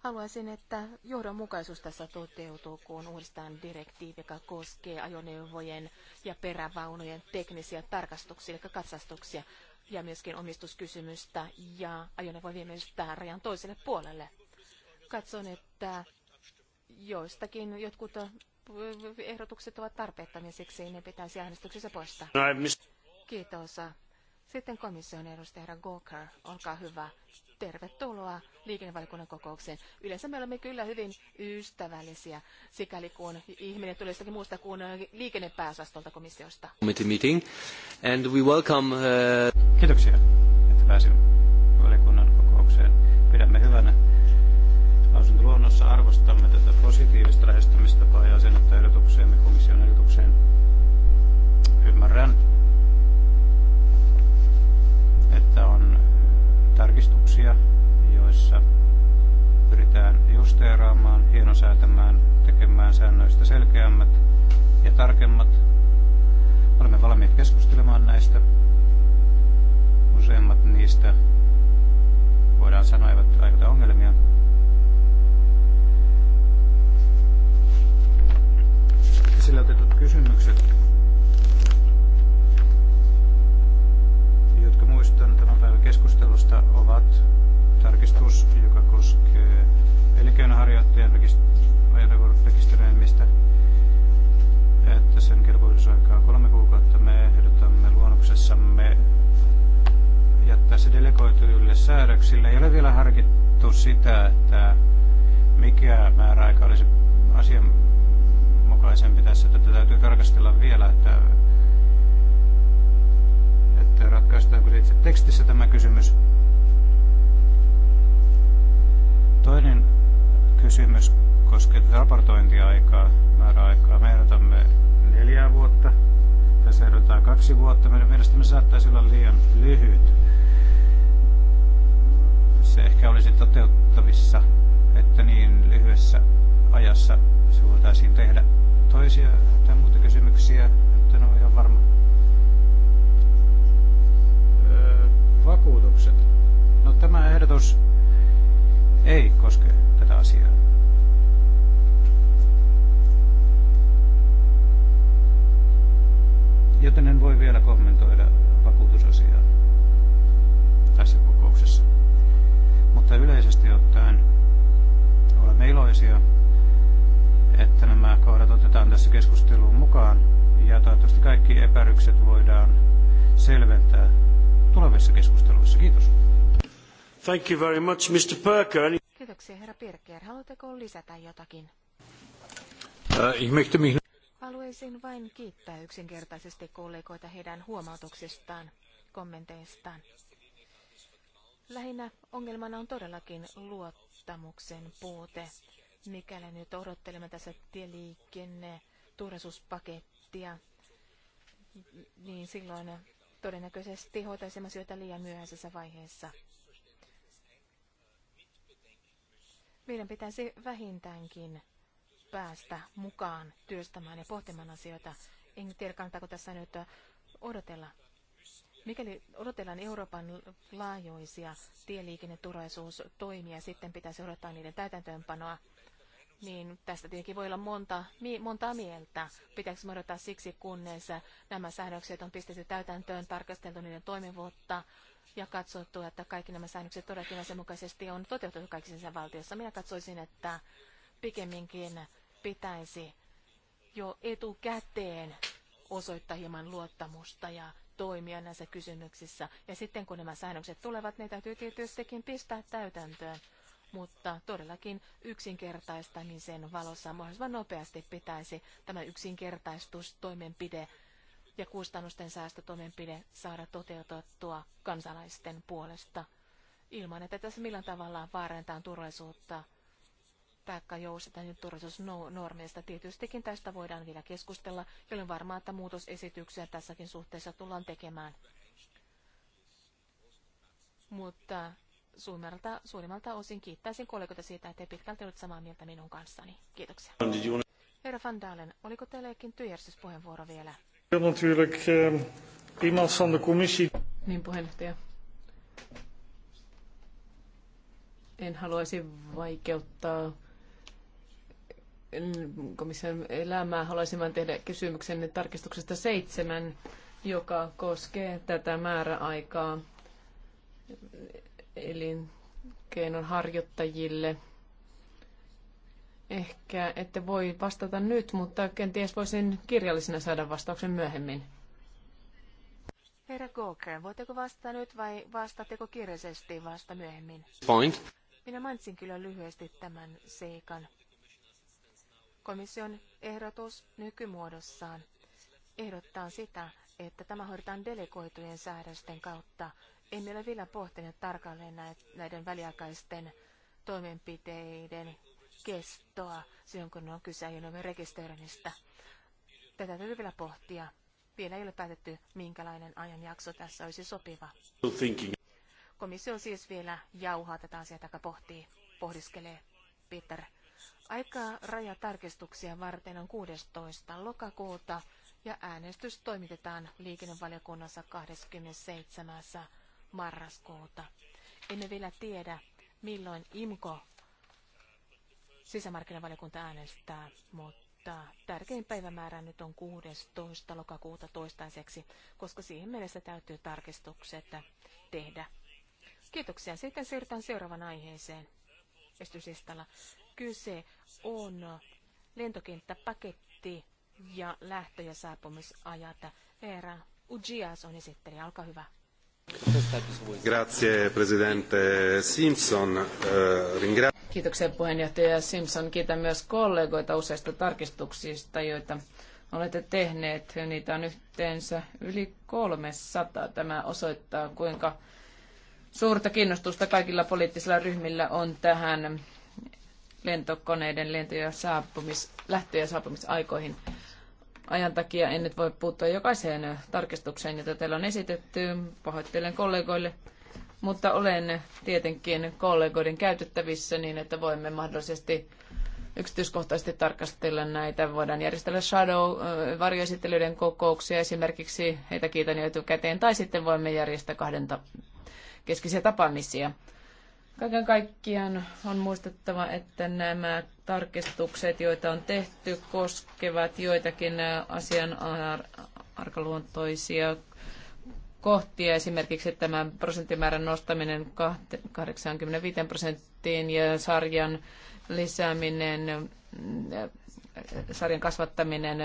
Haluaisin, että johdonmukaisuus tässä toteutuu, kun uudistetaan direktiivi, joka koskee ajoneuvojen ja perävaunujen teknisiä tarkastuksia, eli katsastuksia, ja myöskin omistuskysymystä ja ajoneuvon viemistä rajan toiselle puolelle. Katson, että joistakin jotkut ehdotukset ovat tarpeettomia, siksi ne pitäisi äänestyksessä poistaa. No, Kiitos. Sitten komission edustaja herra Gawker, olkaa hyvä. Tervetuloa liikennevalikunnan kokoukseen. Yleensä me olemme kyllä hyvin ystävällisiä, sikäli kun ihminen tulee jostakin muusta kuin liikennepääosastolta komissiosta.
Meeting, and we welcome, uh...
Kiitoksia, että pääsin valiokunnan kokoukseen. Pidämme hyvänä luonnossa arvostamme tätä positiivista lähestymistapaa ja asennetta ehdotukseemme komission ehdotukseen. Ymmärrän, että on äh, tarkistuksia, joissa pyritään justeeraamaan, hienosäätämään, tekemään säännöistä selkeämmät ja tarkemmat. Olemme valmiit keskustelemaan näistä. Useimmat niistä voidaan sanoa eivät aiheuta ongelmia. esille otetut kysymykset, jotka muistan tämän päivän keskustelusta, ovat tarkistus, joka koskee elinkeinoharjoittajan rekisteröimistä, että sen kelpoisuusaika on kolme kuukautta. Me ehdotamme luonnoksessamme jättää se delegoituille säädöksille. Ei ole vielä harkittu sitä, että mikä määräaika olisi asian mukaisempi tässä, että täytyy tarkastella vielä, että, että ratkaistaanko se itse tekstissä tämä kysymys. Toinen kysymys koskee tätä raportointiaikaa, määräaikaa. Me ehdotamme neljää vuotta, tässä ehdotetaan kaksi vuotta. Meidän mielestämme saattaisi olla liian lyhyt. Se ehkä olisi toteuttavissa, että niin lyhyessä ajassa se voitaisiin tehdä. Toisia tai muita kysymyksiä, että en ole ihan varma. Öö, vakuutukset. No tämä ehdotus ei koske tätä asiaa. Joten en voi vielä kommentoida vakuutusasiaa tässä kokouksessa. Mutta yleisesti ottaen olemme iloisia että nämä kohdat otetaan tässä keskusteluun mukaan ja toivottavasti kaikki epärykset voidaan selventää tulevissa keskusteluissa. Kiitos. Thank you very much, Mr.
Perker. Kiitoksia, herra Pirker. Haluatteko lisätä jotakin?
Äh,
Haluaisin vain kiittää yksinkertaisesti kollegoita heidän huomautuksistaan, kommenteistaan. Lähinnä ongelmana on todellakin luottamuksen puute mikäli nyt odottelemme tässä tieliikenne turvallisuuspakettia, niin silloin todennäköisesti hoitaisimme syötä liian myöhäisessä vaiheessa. Meidän pitäisi vähintäänkin päästä mukaan työstämään ja pohtimaan asioita. En tiedä, kannattaako tässä nyt odotella. Mikäli odotellaan Euroopan laajoisia tieliikenneturvallisuustoimia, sitten pitäisi odottaa niiden täytäntöönpanoa niin tästä tietenkin voi olla monta, mi, montaa mieltä. Pitääkö me odottaa siksi, kunnes nämä säännökset on pistetty täytäntöön, tarkasteltu niiden toimivuutta ja katsottu, että kaikki nämä säännökset todellakin asianmukaisesti on toteutettu kaikissa sen valtiossa. Minä katsoisin, että pikemminkin pitäisi jo etukäteen osoittaa hieman luottamusta ja toimia näissä kysymyksissä. Ja sitten kun nämä säännökset tulevat, ne täytyy tietystikin pistää täytäntöön mutta todellakin yksinkertaistamisen valossa mahdollisimman nopeasti pitäisi tämä yksinkertaistustoimenpide ja kustannusten säästötoimenpide saada toteutettua kansalaisten puolesta ilman, että tässä millään tavalla vaarantaa turvallisuutta taikka joustetaan nyt turvallisuusnormeista. Tietystikin tästä voidaan vielä keskustella, jolloin varmaan, että muutosesityksiä tässäkin suhteessa tullaan tekemään. Mutta suurimmalta, suurimmalta osin kiittäisin kollegoita siitä, että pitkälti olet samaa mieltä minun kanssani. Kiitoksia. Herra Van Dalen, oliko teillä jokin työjärjestyspuheenvuoro vielä?
Ehm,
niin puheenjohtaja. En haluaisi
vaikeuttaa komission elämää. Haluaisin vain tehdä kysymyksen tarkistuksesta seitsemän, joka koskee tätä määräaikaa elinkeinon harjoittajille. Ehkä ette voi vastata nyt, mutta kenties voisin kirjallisena saada vastauksen myöhemmin.
Herra Gokren, voitteko vastata nyt vai vastatteko kirjallisesti vasta myöhemmin? Point. Minä mainitsin kyllä lyhyesti tämän seikan. Komission ehdotus nykymuodossaan ehdottaa sitä, että tämä hoidetaan delegoitujen säädösten kautta emme ole vielä pohtineet tarkalleen näiden väliaikaisten toimenpiteiden kestoa silloin, kun on kyse ajoneuvon rekisteröinnistä. Tätä täytyy vielä pohtia. Vielä ei ole päätetty, minkälainen ajanjakso tässä olisi sopiva. Komissio siis vielä jauhaa tätä asiaa, tai pohtii, pohdiskelee Peter. Aika rajatarkistuksia varten on 16. lokakuuta ja äänestys toimitetaan liikennevaliokunnassa 27 marraskuuta. Emme vielä tiedä, milloin IMKO sisämarkkinavaliokunta äänestää, mutta tärkein päivämäärä nyt on 16. lokakuuta toistaiseksi, koska siihen mennessä täytyy tarkistukset tehdä. Kiitoksia. Sitten siirrytään seuraavan aiheeseen. Estysistalla. kyse on lentokenttäpaketti ja lähtö- ja saapumisajat. Eera Ujias on esittelijä. Olkaa hyvä.
Grazie presidente Simpson. Eh, ringra-
Kiitoksia puheenjohtaja Simpson. Kiitän myös kollegoita useista tarkistuksista, joita olette tehneet. Niitä on yhteensä yli 300. Tämä osoittaa, kuinka suurta kiinnostusta kaikilla poliittisilla ryhmillä on tähän lentokoneiden lento- ja saapumis, lähtö- ja saapumisaikoihin ajan takia en nyt voi puuttua jokaiseen tarkistukseen, jota teillä on esitetty. Pahoittelen kollegoille, mutta olen tietenkin kollegoiden käytettävissä niin, että voimme mahdollisesti yksityiskohtaisesti tarkastella näitä. Voidaan järjestellä shadow-varjoesittelyiden kokouksia esimerkiksi, heitä kiitän jo etukäteen, tai sitten voimme järjestää kahden keskisiä tapaamisia. Kaiken kaikkiaan on muistettava, että nämä tarkistukset, joita on tehty, koskevat joitakin asian arkaluontoisia kohtia, esimerkiksi tämän prosenttimäärän nostaminen 85 prosenttiin ja sarjan lisääminen, sarjan kasvattaminen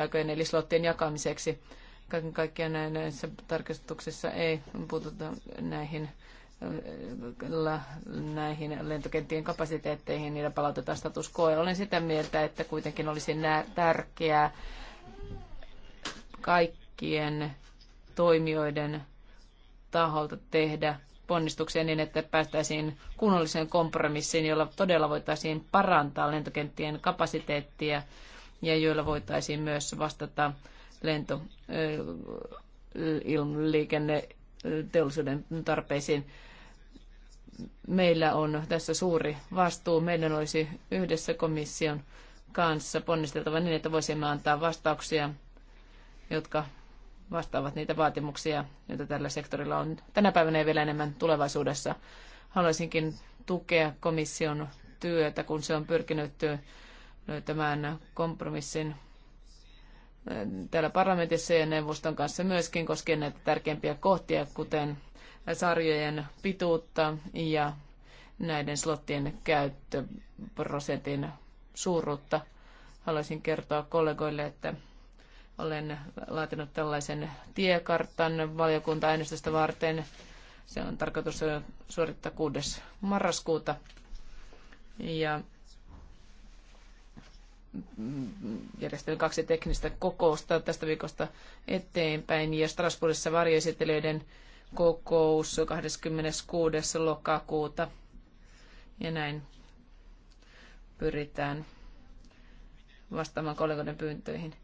aikojen eli slottien jakamiseksi. Kaiken kaikkiaan näissä tarkistuksissa ei puututa näihin näihin lentokenttien kapasiteetteihin, niillä palautetaan status quo. Olen sitä mieltä, että kuitenkin olisi tärkeää kaikkien toimijoiden taholta tehdä ponnistuksia niin, että päästäisiin kunnolliseen kompromissiin, jolla todella voitaisiin parantaa lentokenttien kapasiteettia ja joilla voitaisiin myös vastata lento, liikenne, teollisuuden tarpeisiin meillä on tässä suuri vastuu. Meidän olisi yhdessä komission kanssa ponnisteltava niin, että voisimme antaa vastauksia, jotka vastaavat niitä vaatimuksia, joita tällä sektorilla on tänä päivänä ja vielä enemmän tulevaisuudessa. Haluaisinkin tukea komission työtä, kun se on pyrkinyt löytämään kompromissin täällä parlamentissa ja neuvoston kanssa myöskin koskien näitä tärkeimpiä kohtia, kuten sarjojen pituutta ja näiden slottien käyttöprosentin suuruutta. Haluaisin kertoa kollegoille, että olen laatinut tällaisen tiekartan valiokunta-äänestystä varten. Se on tarkoitus suorittaa 6. marraskuuta. Ja järjestelin kaksi teknistä kokousta tästä viikosta eteenpäin ja Strasbourgissa varjoesittelyiden kokous 26. lokakuuta. Ja näin pyritään vastaamaan kollegoiden pyyntöihin.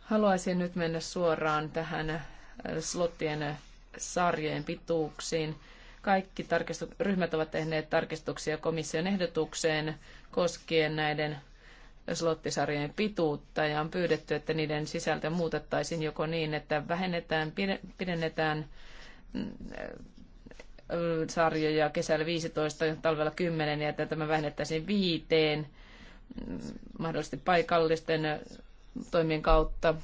Haluaisin nyt mennä suoraan tähän slottien sarjojen pituuksiin. Kaikki tarkistu- ryhmät ovat tehneet tarkistuksia komission ehdotukseen koskien näiden slottisarjojen pituutta ja on pyydetty, että niiden sisältö muutettaisiin joko niin, että vähennetään, pidennetään sarjoja kesällä 15 ja talvella 10 ja että tämä vähennettäisiin viiteen mahdollisesti paikallisten toimien kautta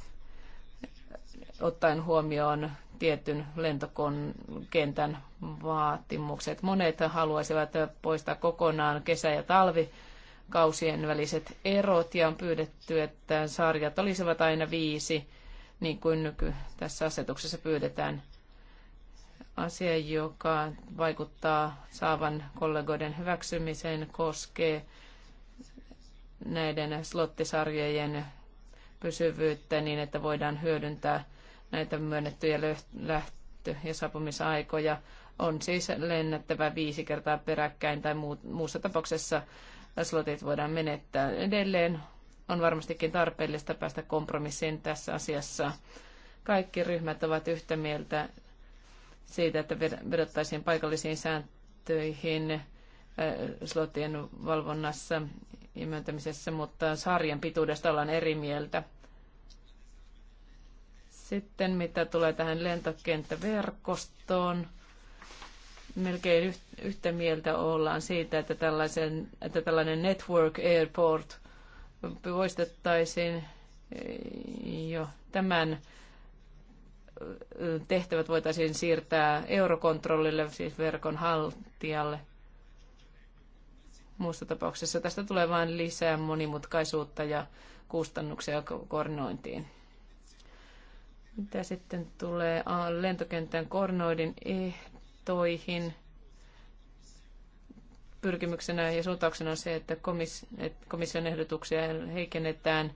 ottaen huomioon tietyn lentokentän vaatimukset. Monet haluaisivat poistaa kokonaan kesä- ja talvikausien väliset erot ja on pyydetty, että sarjat olisivat aina viisi, niin kuin nyky tässä asetuksessa pyydetään – asia, joka vaikuttaa saavan kollegoiden hyväksymiseen, koskee näiden slottisarjojen pysyvyyttä niin, että voidaan hyödyntää näitä myönnettyjä lähtö- ja saapumisaikoja. On siis lennättävä viisi kertaa peräkkäin tai muussa tapauksessa slotit voidaan menettää edelleen. On varmastikin tarpeellista päästä kompromissiin tässä asiassa. Kaikki ryhmät ovat yhtä mieltä siitä, että vedottaisiin paikallisiin sääntöihin äh, slotien valvonnassa ja myöntämisessä, mutta sarjan pituudesta ollaan eri mieltä. Sitten mitä tulee tähän lentokenttäverkostoon, melkein yhtä mieltä ollaan siitä, että, tällaisen, että tällainen network airport poistettaisiin jo tämän tehtävät voitaisiin siirtää eurokontrollille, siis verkon haltijalle. Muussa tapauksessa tästä tulee vain lisää monimutkaisuutta ja kustannuksia koordinointiin. Mitä sitten tulee lentokentän koordinoidin ehtoihin? Pyrkimyksenä ja suuntauksena on se, että komission ehdotuksia heikennetään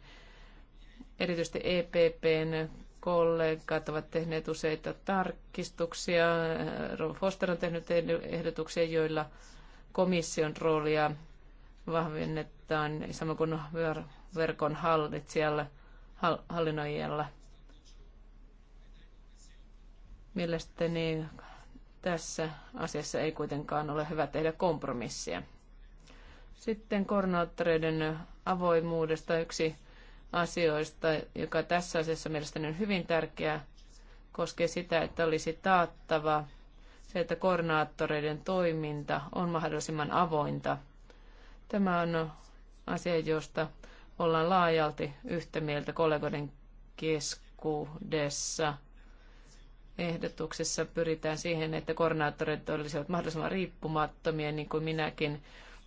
erityisesti EPPn kollegat ovat tehneet useita tarkistuksia. Foster on tehnyt ehdotuksia, joilla komission roolia vahvennetaan, samoin kuin verkon hallitsijalla, hallinnoijalla. Mielestäni tässä asiassa ei kuitenkaan ole hyvä tehdä kompromissia. Sitten koordinaattoreiden avoimuudesta yksi asioista, joka tässä asiassa mielestäni on hyvin tärkeää, koskee sitä, että olisi taattava se, että koordinaattoreiden toiminta on mahdollisimman avointa. Tämä on asia, josta ollaan laajalti yhtä mieltä kollegoiden keskuudessa. Ehdotuksessa pyritään siihen, että koordinaattorit olisivat mahdollisimman riippumattomia, niin kuin minäkin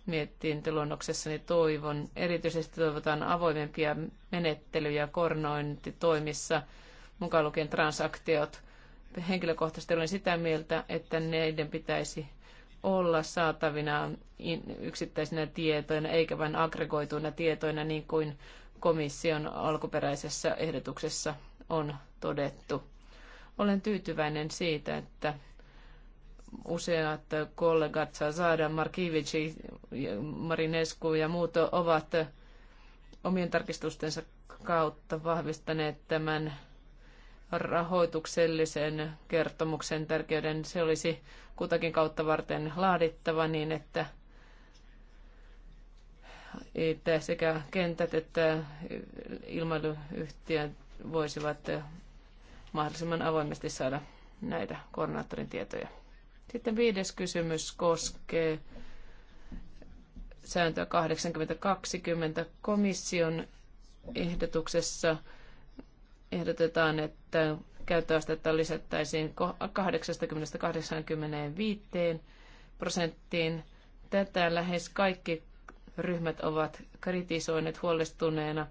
mietintöluonnoksessani niin toivon. Erityisesti toivotaan avoimempia menettelyjä koordinointitoimissa, mukaan lukien transaktiot. Henkilökohtaisesti olen sitä mieltä, että neiden pitäisi olla saatavina yksittäisinä tietoina, eikä vain aggregoituina tietoina, niin kuin komission alkuperäisessä ehdotuksessa on todettu. Olen tyytyväinen siitä, että useat kollegat Saada, Markiewicz, Marinescu ja muut ovat omien tarkistustensa kautta vahvistaneet tämän rahoituksellisen kertomuksen tärkeyden. Se olisi kutakin kautta varten laadittava niin, että, että sekä kentät että ilmailuyhtiöt voisivat mahdollisimman avoimesti saada näitä koordinaattorin tietoja. Sitten viides kysymys koskee sääntöä 8020 komission ehdotuksessa ehdotetaan, että käyttöastetta lisättäisiin 80-85 prosenttiin. Tätä lähes kaikki ryhmät ovat kritisoineet huolestuneena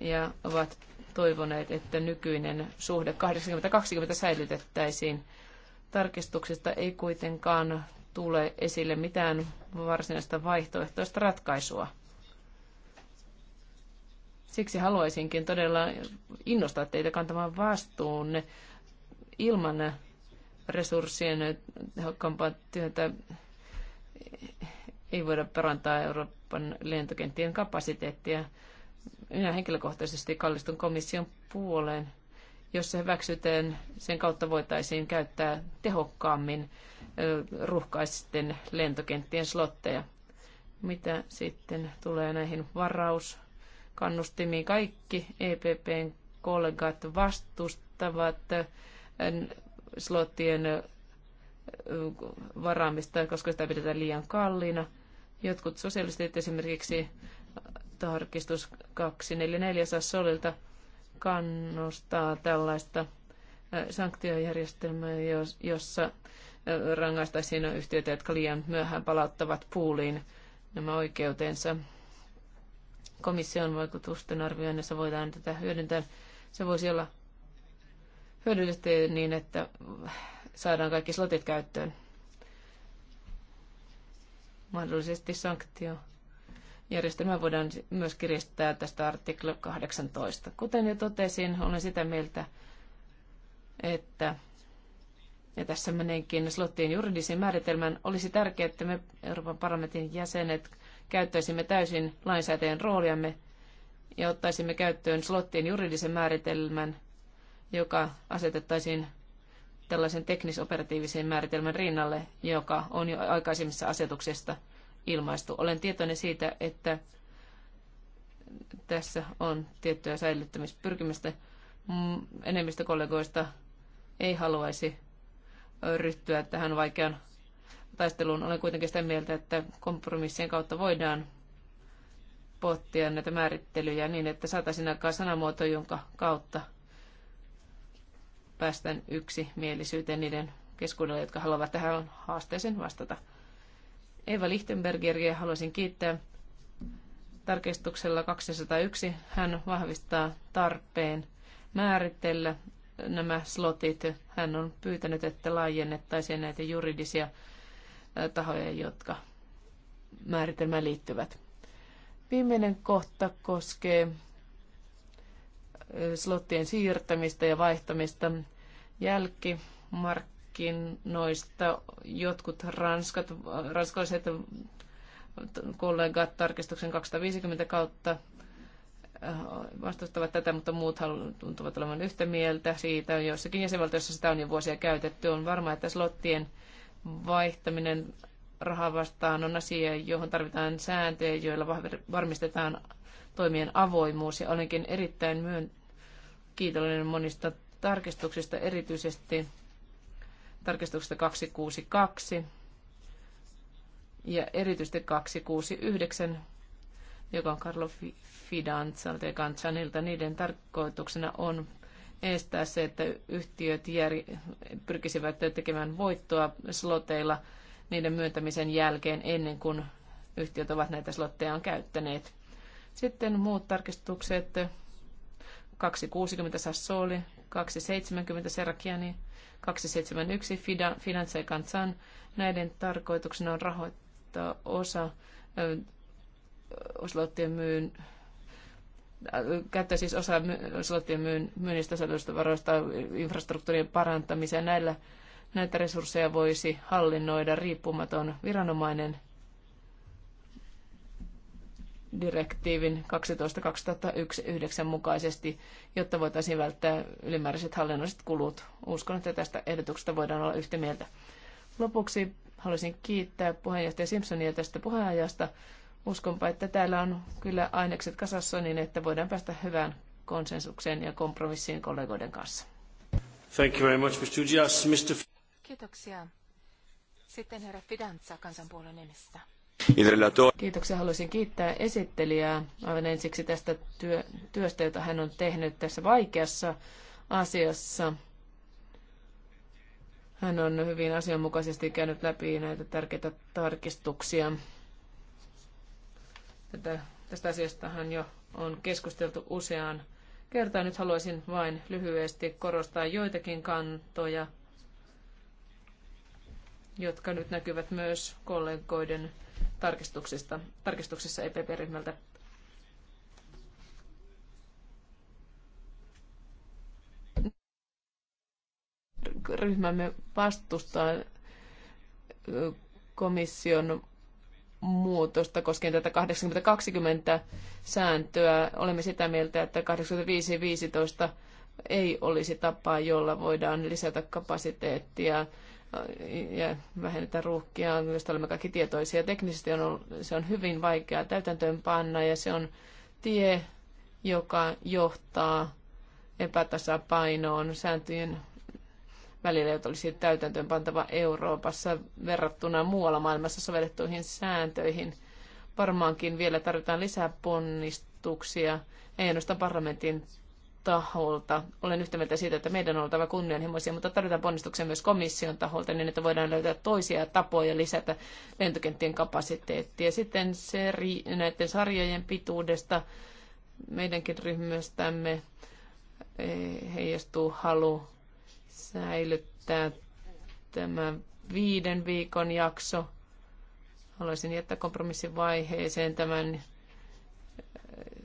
ja ovat toivoneet, että nykyinen suhde 80-20 säilytettäisiin tarkistuksista ei kuitenkaan tule esille mitään varsinaista vaihtoehtoista ratkaisua. Siksi haluaisinkin todella innostaa teitä kantamaan vastuun ilman resurssien tehokkaampaa työtä ei voida parantaa Euroopan lentokenttien kapasiteettia. Minä henkilökohtaisesti kallistun komission puoleen jos se hyväksytään, sen kautta voitaisiin käyttää tehokkaammin ruuhkaisten lentokenttien slotteja. Mitä sitten tulee näihin varauskannustimiin? Kaikki EPPn kollegat vastustavat slottien varaamista, koska sitä pidetään liian kalliina. Jotkut sosialistit esimerkiksi tarkistus 244 solilta kannustaa tällaista sanktiojärjestelmää, jossa rangaistaisiin yhtiöitä, jotka liian myöhään palauttavat puuliin nämä oikeutensa. Komission vaikutusten arvioinnissa voidaan tätä hyödyntää. Se voisi olla hyödyllistä niin, että saadaan kaikki slotit käyttöön. Mahdollisesti sanktio Järjestelmä voidaan myös kiristää tästä artikla 18. Kuten jo totesin, olen sitä mieltä, että ja tässä meneekin slottiin juridisen määritelmän. Olisi tärkeää, että me Euroopan parlamentin jäsenet käyttäisimme täysin lainsäätäjän rooliamme ja ottaisimme käyttöön slottiin juridisen määritelmän, joka asetettaisiin tällaisen teknisoperatiivisen määritelmän rinnalle, joka on jo aikaisemmissa asetuksista – ilmaistu. Olen tietoinen siitä, että tässä on tiettyä säilyttämispyrkimystä. Mm, enemmistö kollegoista ei haluaisi ryhtyä tähän vaikean taisteluun. Olen kuitenkin sitä mieltä, että kompromissien kautta voidaan pohtia näitä määrittelyjä niin, että saataisiin aikaan sanamuoto, jonka kautta päästään yksimielisyyteen niiden keskuudelle, jotka haluavat tähän haasteeseen vastata. Eva Lichtenbergeriä haluaisin kiittää. Tarkistuksella 201 hän vahvistaa tarpeen määritellä nämä slotit. Hän on pyytänyt, että laajennettaisiin näitä juridisia tahoja, jotka määritelmään liittyvät. Viimeinen kohta koskee slottien siirtämistä ja vaihtamista jälkimarkkinoilla noista jotkut ranskat, ranskalaiset kollegat tarkistuksen 250 kautta äh, vastustavat tätä, mutta muut tuntuvat olevan yhtä mieltä siitä. Jossakin jäsenvaltiossa sitä on jo vuosia käytetty. On varmaa, että slottien vaihtaminen rahaa vastaan on asia, johon tarvitaan sääntöjä, joilla varmistetaan toimien avoimuus. Ja olenkin erittäin myön kiitollinen monista tarkistuksista, erityisesti tarkistuksesta 262 ja erityisesti 269, joka on Carlo Fidanzalta ja Kansanilta. Niiden tarkoituksena on estää se, että yhtiöt jär- pyrkisivät tekemään voittoa sloteilla niiden myöntämisen jälkeen ennen kuin yhtiöt ovat näitä slottejaan käyttäneet. Sitten muut tarkistukset. 260 Sassoli, 270 Serakiani, 271 Fida, Finance Kansan. Näiden tarkoituksena on rahoittaa osa oslottien myyn käyttää siis osa slottien myyn, myynnistä saaduista varoista infrastruktuurien parantamiseen. Näillä, näitä resursseja voisi hallinnoida riippumaton viranomainen, direktiivin 12.2001 mukaisesti, jotta voitaisiin välttää ylimääräiset hallinnolliset kulut. Uskon, että tästä ehdotuksesta voidaan olla yhtä mieltä. Lopuksi haluaisin kiittää puheenjohtaja Simpsonia tästä puheenajasta. Uskonpa, että täällä on kyllä ainekset kasassa niin, että voidaan päästä hyvään konsensukseen ja kompromissiin kollegoiden kanssa.
Thank you very much, Mr.
Mr. Kiitoksia. Sitten herra Fidanza kansanpuolen nimestä.
Kiitoksia. Haluaisin kiittää esittelijää aivan ensiksi tästä työ, työstä, jota hän on tehnyt tässä vaikeassa asiassa. Hän on hyvin asianmukaisesti käynyt läpi näitä tärkeitä tarkistuksia. Tätä, tästä asiasta hän jo on keskusteltu useaan kertaan. Nyt haluaisin vain lyhyesti korostaa joitakin kantoja, jotka nyt näkyvät myös kollegoiden tarkistuksista, tarkistuksissa EPP-ryhmältä. Ryhmämme vastustaa komission muutosta koskien tätä 80-20 sääntöä. Olemme sitä mieltä, että 85-15 ei olisi tapa, jolla voidaan lisätä kapasiteettia ja vähennetään ruuhkia, joista olemme kaikki tietoisia. Teknisesti on ollut, se on hyvin vaikeaa täytäntöön panna ja se on tie, joka johtaa epätasapainoon sääntöjen välillä, jota olisi täytäntöön pantava Euroopassa verrattuna muualla maailmassa sovellettuihin sääntöihin. Varmaankin vielä tarvitaan lisää ponnistuksia, ei ainoastaan parlamentin taholta. Olen yhtä mieltä siitä, että meidän on oltava kunnianhimoisia, mutta tarvitaan ponnistuksia myös komission taholta niin, että voidaan löytää toisia tapoja lisätä lentokenttien kapasiteettia. Sitten se, näiden sarjojen pituudesta meidänkin ryhmästämme eh, heijastuu halu säilyttää tämä viiden viikon jakso. Haluaisin jättää kompromissivaiheeseen tämän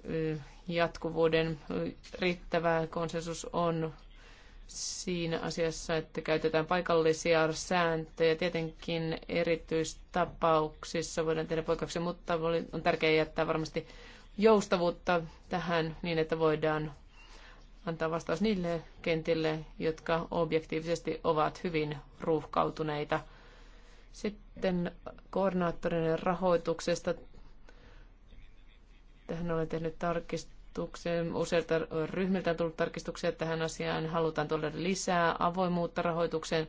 eh, jatkuvuuden riittävä konsensus on siinä asiassa, että käytetään paikallisia sääntöjä. Tietenkin erityistapauksissa voidaan tehdä poikkeuksia, mutta on tärkeää jättää varmasti joustavuutta tähän niin, että voidaan antaa vastaus niille kentille, jotka objektiivisesti ovat hyvin ruuhkautuneita. Sitten koordinaattorinen rahoituksesta. Tähän olen tehnyt tarkistuksia tarkistukseen. Useilta ryhmiltä on tullut tarkistuksia tähän asiaan. Halutaan tuoda lisää avoimuutta rahoitukseen.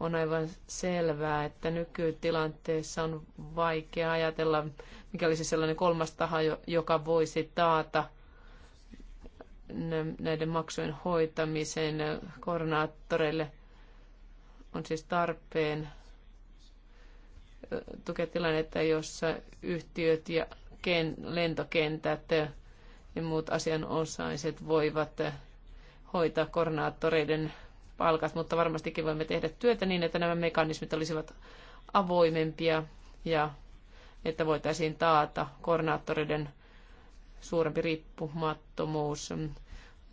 On aivan selvää, että nykytilanteessa on vaikea ajatella, mikä olisi sellainen kolmas taho, joka voisi taata näiden maksujen hoitamisen koordinaattoreille. On siis tarpeen tukea tilannetta, jossa yhtiöt ja lentokentät ja muut asianosaiset voivat hoitaa koordinaattoreiden palkat, mutta varmastikin voimme tehdä työtä niin, että nämä mekanismit olisivat avoimempia ja että voitaisiin taata koordinaattoreiden suurempi riippumattomuus.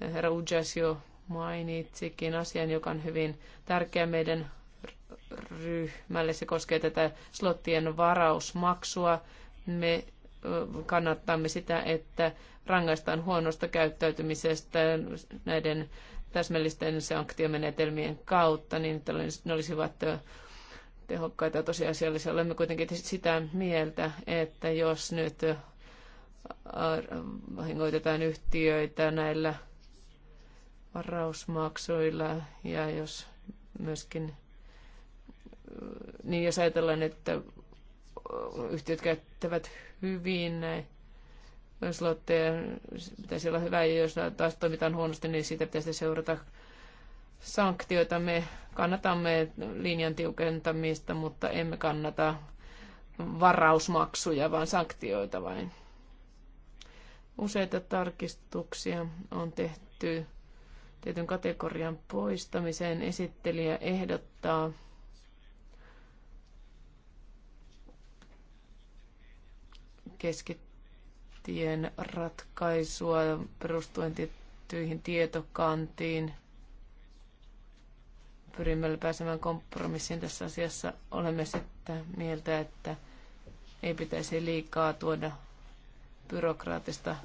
Herra Ujas jo mainitsikin asian, joka on hyvin tärkeä meidän ryhmälle. Se koskee tätä slottien varausmaksua. Me kannattamme sitä, että rangaistaan huonosta käyttäytymisestä näiden täsmällisten sanktiomenetelmien kautta, niin että ne olisivat tehokkaita tosiasiallisia. Olemme kuitenkin sitä mieltä, että jos nyt vahingoitetaan yhtiöitä näillä varausmaksuilla ja jos myöskin, niin jos ajatellaan, että yhtiöt käyttävät hyvin slotteja. Pitäisi olla hyvä, ja jos taas toimitaan huonosti, niin siitä pitäisi seurata sanktioita. Me kannatamme linjan tiukentamista, mutta emme kannata varausmaksuja, vaan sanktioita vain. Useita tarkistuksia on tehty tietyn kategorian poistamiseen. Esittelijä ehdottaa keskittien ratkaisua perustuen tiettyihin tietokantiin. Pyrimme pääsemään kompromissiin tässä asiassa. Olemme sitä mieltä, että ei pitäisi liikaa tuoda byrokraattista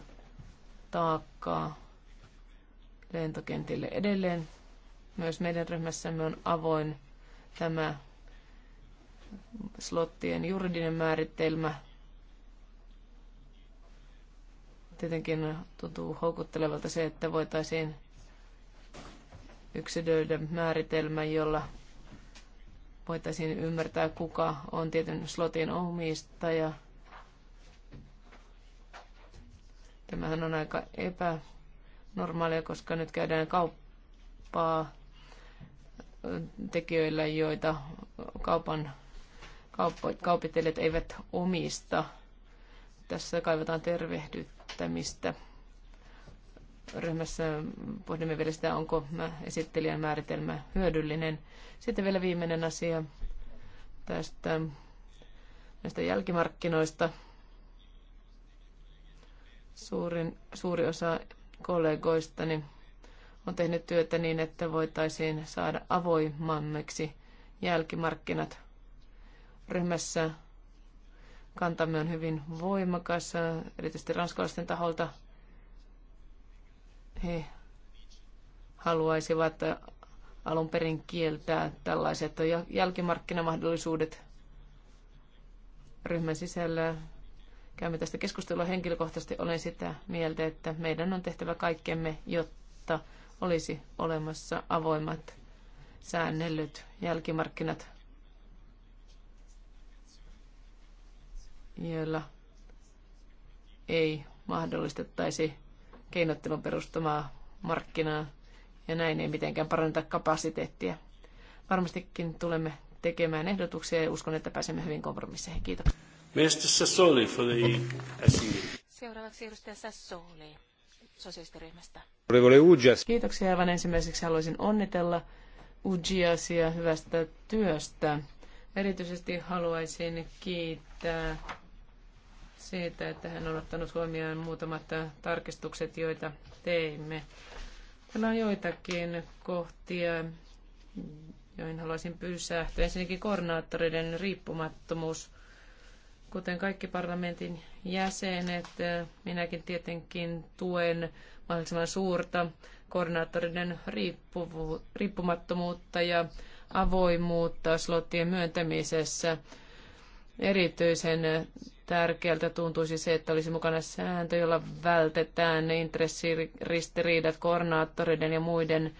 taakkaa lentokentille edelleen. Myös meidän ryhmässämme on avoin tämä slottien juridinen määritelmä Tietenkin tuntuu houkuttelevalta se, että voitaisiin yksilöiden määritelmä, jolla voitaisiin ymmärtää, kuka on tietyn slotin omistaja. Tämähän on aika epänormaalia, koska nyt käydään kauppaa tekijöillä, joita kaupan, kauppo, eivät omista. Tässä kaivataan tervehdyt, äänestämistä. Ryhmässä pohdimme vielä sitä, onko esittelijän määritelmä hyödyllinen. Sitten vielä viimeinen asia tästä näistä jälkimarkkinoista. Suurin, suuri osa kollegoistani niin on tehnyt työtä niin, että voitaisiin saada avoimammeksi jälkimarkkinat. Ryhmässä kantamme on hyvin voimakas, erityisesti ranskalaisten taholta. He haluaisivat alun perin kieltää tällaiset jälkimarkkinamahdollisuudet ryhmän sisällä. Käymme tästä keskustelua henkilökohtaisesti. Olen sitä mieltä, että meidän on tehtävä kaikkemme, jotta olisi olemassa avoimat säännellyt jälkimarkkinat joilla ei mahdollistettaisi keinottelun perustamaa markkinaa ja näin ei mitenkään paranneta kapasiteettia. Varmastikin tulemme tekemään ehdotuksia ja uskon, että pääsemme hyvin kompromisseihin. Kiitos. Mr. Sassoli for the
Seuraavaksi edustaja Sassoli sosialistiryhmästä.
Kiitoksia aivan ensimmäiseksi haluaisin onnitella Ujiasia hyvästä työstä. Erityisesti haluaisin kiittää siitä, että hän on ottanut huomioon muutamat tarkistukset, joita teimme. Täällä on joitakin kohtia, joihin haluaisin pysähtyä. Ensinnäkin koordinaattoriden riippumattomuus. Kuten kaikki parlamentin jäsenet, minäkin tietenkin tuen mahdollisimman suurta koordinaattoriden riippumattomuutta ja avoimuutta slottien myöntämisessä Erityisen tärkeältä tuntuisi se, että olisi mukana sääntö, jolla vältetään intressiristiriidat koordinaattoreiden ja muiden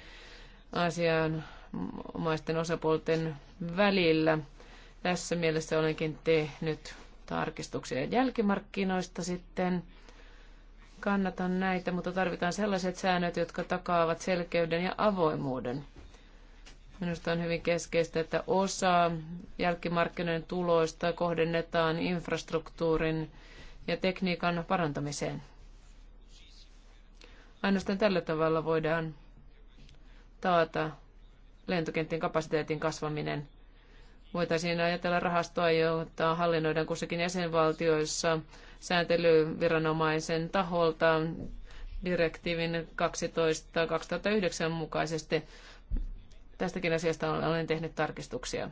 asianomaisten osapuolten välillä. Tässä mielessä olenkin tehnyt tarkistuksia jälkimarkkinoista sitten. Kannatan näitä, mutta tarvitaan sellaiset säännöt, jotka takaavat selkeyden ja avoimuuden. Minusta on hyvin keskeistä, että osa jälkimarkkinoiden tuloista kohdennetaan infrastruktuurin ja tekniikan parantamiseen. Ainoastaan tällä tavalla voidaan taata lentokenttien kapasiteetin kasvaminen. Voitaisiin ajatella rahastoa, jota hallinnoidaan kussakin jäsenvaltioissa sääntelyviranomaisen taholta direktiivin 12.2009 mukaisesti. Tästäkin asiasta olen tehnyt tarkistuksia.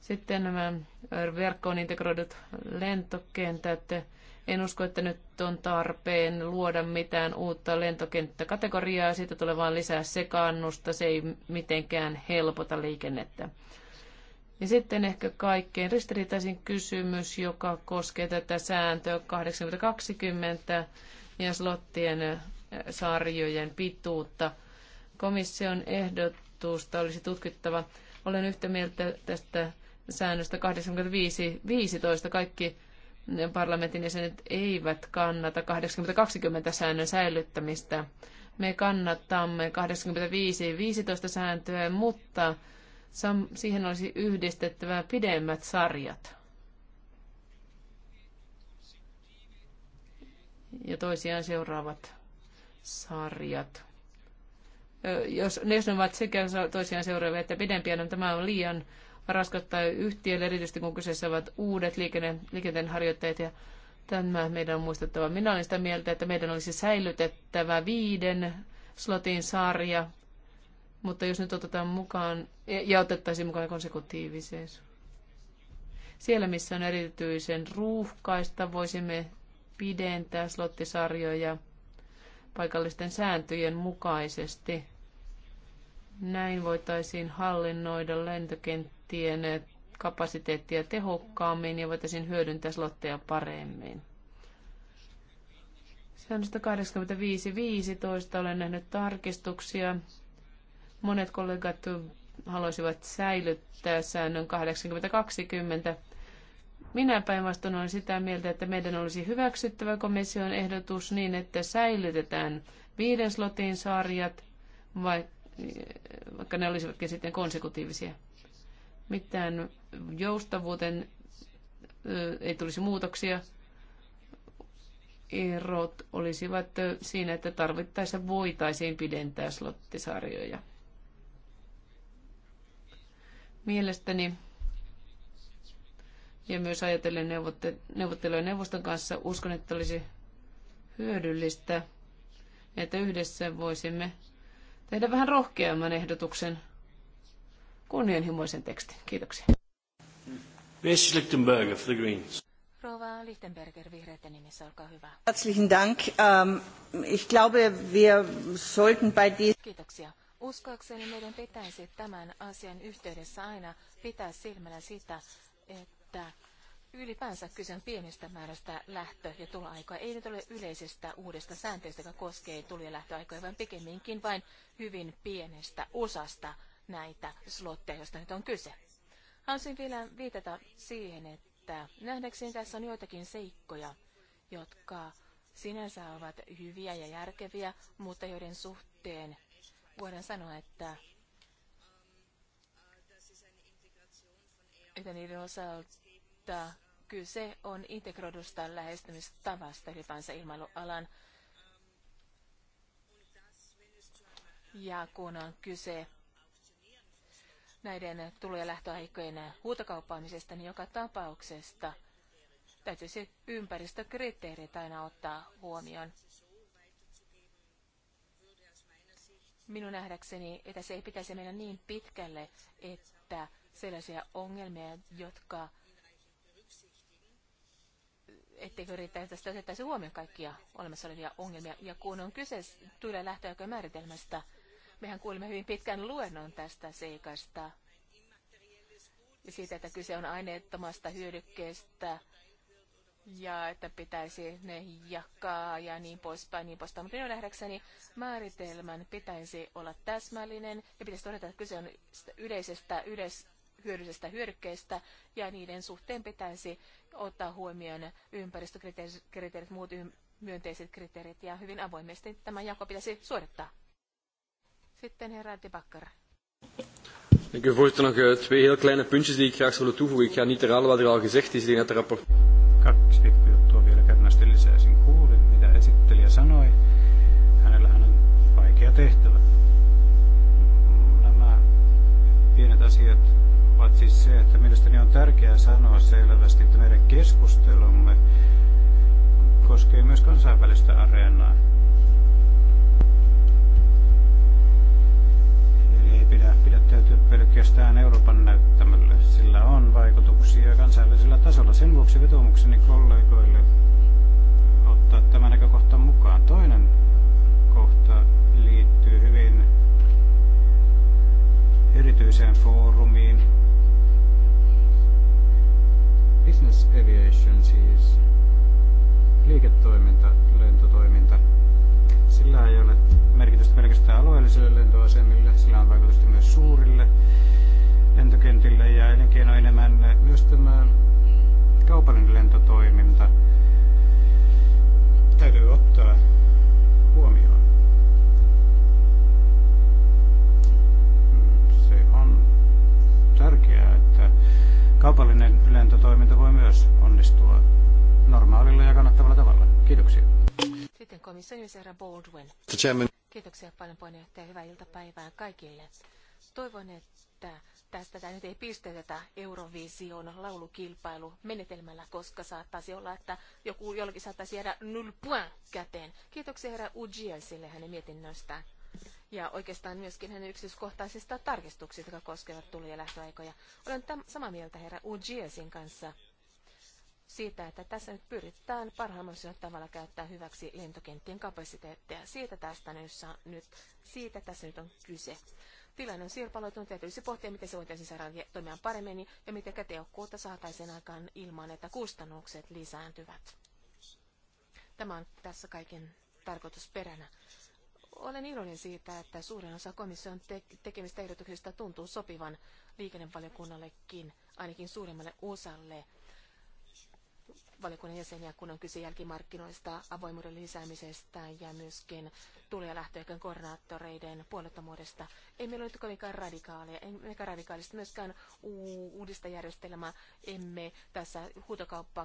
Sitten nämä verkkoon integroidut lentokentät. En usko, että nyt on tarpeen luoda mitään uutta lentokenttäkategoriaa. Siitä tulee vain lisää sekaannusta. Se ei mitenkään helpota liikennettä. Ja sitten ehkä kaikkein ristiriitaisin kysymys, joka koskee tätä sääntöä 80 ja slottien sarjojen pituutta. Komission ehdot vastuusta olisi tutkittava. Olen yhtä mieltä tästä säännöstä 85.15. Kaikki parlamentin jäsenet eivät kannata 80-20 säännön säilyttämistä. Me kannatamme 85-15 sääntöä, mutta siihen olisi yhdistettävä pidemmät sarjat. Ja toisiaan seuraavat sarjat jos, ne ovat sekä toisiaan seuraavia että pidempiä, niin tämä on liian raskattaa yhtiölle, erityisesti kun kyseessä ovat uudet liikenteen harjoittajat ja tämä meidän on muistettava. Minä olen sitä mieltä, että meidän olisi säilytettävä viiden slotin sarja, mutta jos nyt otetaan mukaan ja otettaisiin mukaan konsekutiivisesti. Siellä, missä on erityisen ruuhkaista, voisimme pidentää slottisarjoja – paikallisten sääntöjen mukaisesti. Näin voitaisiin hallinnoida lentokenttien kapasiteettia tehokkaammin ja voitaisiin hyödyntää slotteja paremmin. Säännöstä 85.15 olen nähnyt tarkistuksia. Monet kollegat haluaisivat säilyttää säännön 8020 minä päinvastoin olen sitä mieltä, että meidän olisi hyväksyttävä komission ehdotus niin, että säilytetään viiden slotin sarjat, vaikka ne olisivatkin sitten konsekutiivisia. Mitään joustavuuteen ei tulisi muutoksia. Erot olisivat siinä, että tarvittaessa voitaisiin pidentää slottisarjoja. Mielestäni ja myös ajatellen neuvotte- neuvottelujen neuvoston kanssa uskon, että olisi hyödyllistä, että yhdessä voisimme tehdä vähän rohkeamman ehdotuksen kunnianhimoisen tekstin. Kiitoksia.
Lichtenberger for the Greens.
Rova Lichtenberger vihreiden nimissä, olkaa hyvä.
Herzlichen Dank. Ähm, ich glaube,
wir sollten bei dies... Kiitoksia. Uskoakseni meidän pitäisi tämän asian yhteydessä aina pitää silmällä sitä, että että ylipäänsä kyse on pienestä määrästä lähtö- ja tuloaikoja. Ei nyt ole yleisestä uudesta sääntöistä, joka koskee tuli- ja lähtöaikoja, vaan pikemminkin vain hyvin pienestä osasta näitä slotteja, joista nyt on kyse. Haluaisin vielä viitata siihen, että nähdäkseni tässä on joitakin seikkoja, jotka sinänsä ovat hyviä ja järkeviä, mutta joiden suhteen voidaan sanoa, että että niiden osalta kyse on integroidusta lähestymistavasta ylipäänsä ilmailualan. Ja kun on kyse näiden tulo- ja lähtöaikojen huutokauppaamisesta, niin joka tapauksesta täytyisi ympäristökriteerit aina ottaa huomioon. Minun nähdäkseni, että se ei pitäisi mennä niin pitkälle, että sellaisia ongelmia, jotka etteikö riittäisi otettaisiin huomioon kaikkia olemassa olevia ongelmia. Ja kun on kyse tulee lähtöaikojen määritelmästä, mehän kuulimme hyvin pitkän luennon tästä seikasta ja siitä, että kyse on aineettomasta hyödykkeestä, ja että pitäisi ne jakaa ja niin poispäin, niin poispäin. Mutta minun nähdäkseni määritelmän pitäisi olla täsmällinen ja pitäisi todeta, että kyse on yleisestä yleishyödyllisestä hyödykkeestä ja niiden suhteen pitäisi ottaa huomioon ympäristökriteerit, muut myönteiset kriteerit ja hyvin avoimesti tämä jako pitäisi suorittaa. Sitten herra De Bakker.
Dank u voorzitter. Nog twee heel kleine puntjes die ik graag zou toevoegen. Ik ga niet herhalen wat er al gezegd is. in het rapport...
Kaksi pikkujuttua vielä kernaasti lisäisin. Kuulin, mitä esittelijä sanoi. Hänellähän on vaikea tehtävä. Nämä pienet asiat ovat siis se, että mielestäni on tärkeää sanoa selvästi, että meidän keskustelumme koskee myös kansainvälistä areenaa. Eli ei pidä jättäytyä pelkästään Euroopan näyttämölle. Sillä on vaikutuksia kansainvälisellä tasolla. Sen vuoksi vetomukseni kollegoille ottaa tämä näkökohta mukaan. Toinen kohta liittyy hyvin erityiseen foorumiin. Business Aviation siis liiketoiminta, lentotoiminta. Sillä ei ole merkitystä pelkästään alueelliselle lentoasemille, sillä on vaikutusta myös suurille lentokentille ja enemmän myös tämä kaupallinen lentotoiminta täytyy ottaa huomioon. Se on tärkeää, että kaupallinen lentotoiminta voi myös onnistua normaalilla ja kannattavalla tavalla. Kiitoksia.
Sitten komissaari Sarah Baldwin. Kiitoksia paljon puheenjohtaja. Hyvää iltapäivää kaikille. Toivon, että tästä nyt ei pistetetä Eurovision laulukilpailu menetelmällä, koska saattaisi olla, että joku jollakin saattaisi jäädä null point käteen. Kiitoksia herra Ujielsille hänen mietinnöstään. Ja oikeastaan myöskin hänen yksityiskohtaisista tarkistuksista, jotka koskevat tulijalähtöaikoja. ja lähtöaikoja. Olen samaa mieltä herra Ujielsin kanssa siitä, että tässä nyt pyritään parhaimmalla tavalla käyttää hyväksi lentokenttien kapasiteetteja. Siitä, tästä nyt, siitä tässä nyt on kyse. Tilanne on sirpaloitunut ja täytyisi siis pohtia, miten se voitaisiin saada toimimaan paremmin ja miten tehokkuutta saataisiin aikaan ilman, että kustannukset lisääntyvät. Tämä on tässä kaiken tarkoitus peränä. Olen iloinen siitä, että suurin osa komission te- tekemistä ehdotuksista tuntuu sopivan liikennevaliokunnallekin, ainakin suuremmalle osalle valiokunnan jäseniä, kun on kyse jälkimarkkinoista, avoimuuden lisäämisestä ja myöskin tuli- ja lähtöökön koordinaattoreiden puolettomuudesta. Ei meillä ole kovinkaan radikaalia, emmekä radikaalista myöskään uudista järjestelmää, emme tässä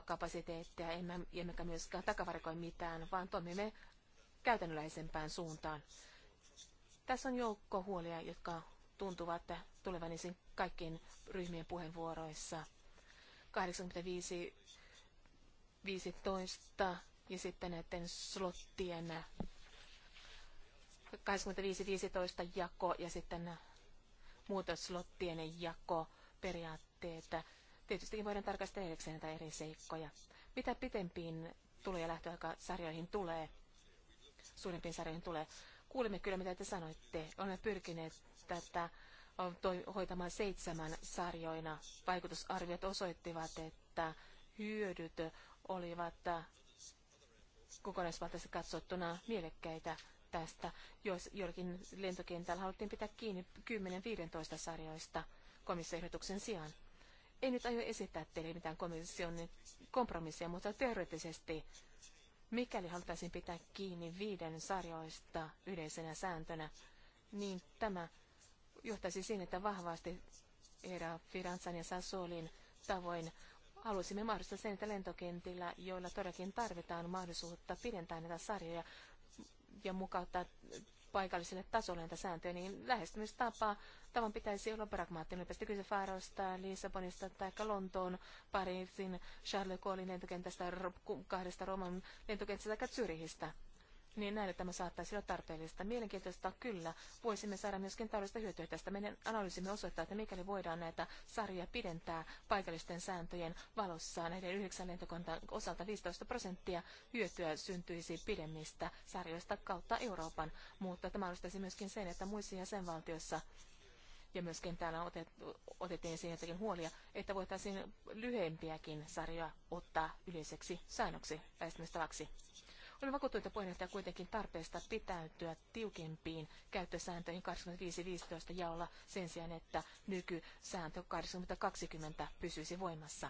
kapasiteettia, emme, emmekä myöskään takavarikoi mitään, vaan toimimme käytännöllisempään suuntaan. Tässä on joukko huolia, jotka tuntuvat tulevan esiin kaikkien ryhmien puheenvuoroissa. 85 15 ja sitten näiden slottien 25-15 jako ja sitten muuta slottien jako periaatteita. tietysti voidaan tarkastella erikseen näitä eri seikkoja. Mitä pitempiin tulo- ja lähtöaikasarjoihin tulee, suurimpiin sarjoihin tulee, kuulimme kyllä mitä te sanoitte. Olemme pyrkineet tätä hoitamaan seitsemän sarjoina. Vaikutusarviot osoittivat, että hyödyt olivat äh, kokonaisvaltaisesti katsottuna mielekkäitä tästä. Jos jollakin lentokentällä haluttiin pitää kiinni 10-15 sarjoista komissioehdotuksen sijaan. En nyt aio esittää teille mitään komission kompromissia, mutta teoreettisesti, mikäli haluttaisiin pitää kiinni viiden sarjoista yleisenä sääntönä, niin tämä johtaisi siihen, että vahvasti Eera Firanzan ja Sassolin tavoin Haluaisimme mahdollistaa sen, että lentokentillä, joilla todellakin tarvitaan mahdollisuutta pidentää näitä sarjoja ja mukauttaa paikalliselle tasolle näitä sääntöjä, niin lähestymistapa tavan pitäisi olla pragmaattinen. Päästä kyse Farosta, Lissabonista tai Lontoon, Pariisin, Charles de lentokentästä, kahdesta Roman lentokentästä tai Zyrihistä niin että tämä saattaisi olla tarpeellista. Mielenkiintoista kyllä. Voisimme saada myöskin taloudellista hyötyä tästä. Meidän analyysimme osoittaa, että mikäli voidaan näitä sarjoja pidentää paikallisten sääntöjen valossa näiden yhdeksän lentokontan osalta 15 prosenttia hyötyä syntyisi pidemmistä sarjoista kautta Euroopan. Mutta tämä mahdollistaisi myöskin sen, että muissa jäsenvaltioissa ja myöskin täällä otettu, otettiin esiin jotakin huolia, että voitaisiin lyhyempiäkin sarjoja ottaa yleiseksi säännöksi väistämistavaksi. Olen vakuuttunut puheenjohtaja kuitenkin tarpeesta pitäytyä tiukempiin käyttösääntöihin 85-15 jaolla sen sijaan, että nykysääntö 2020 pysyisi voimassa.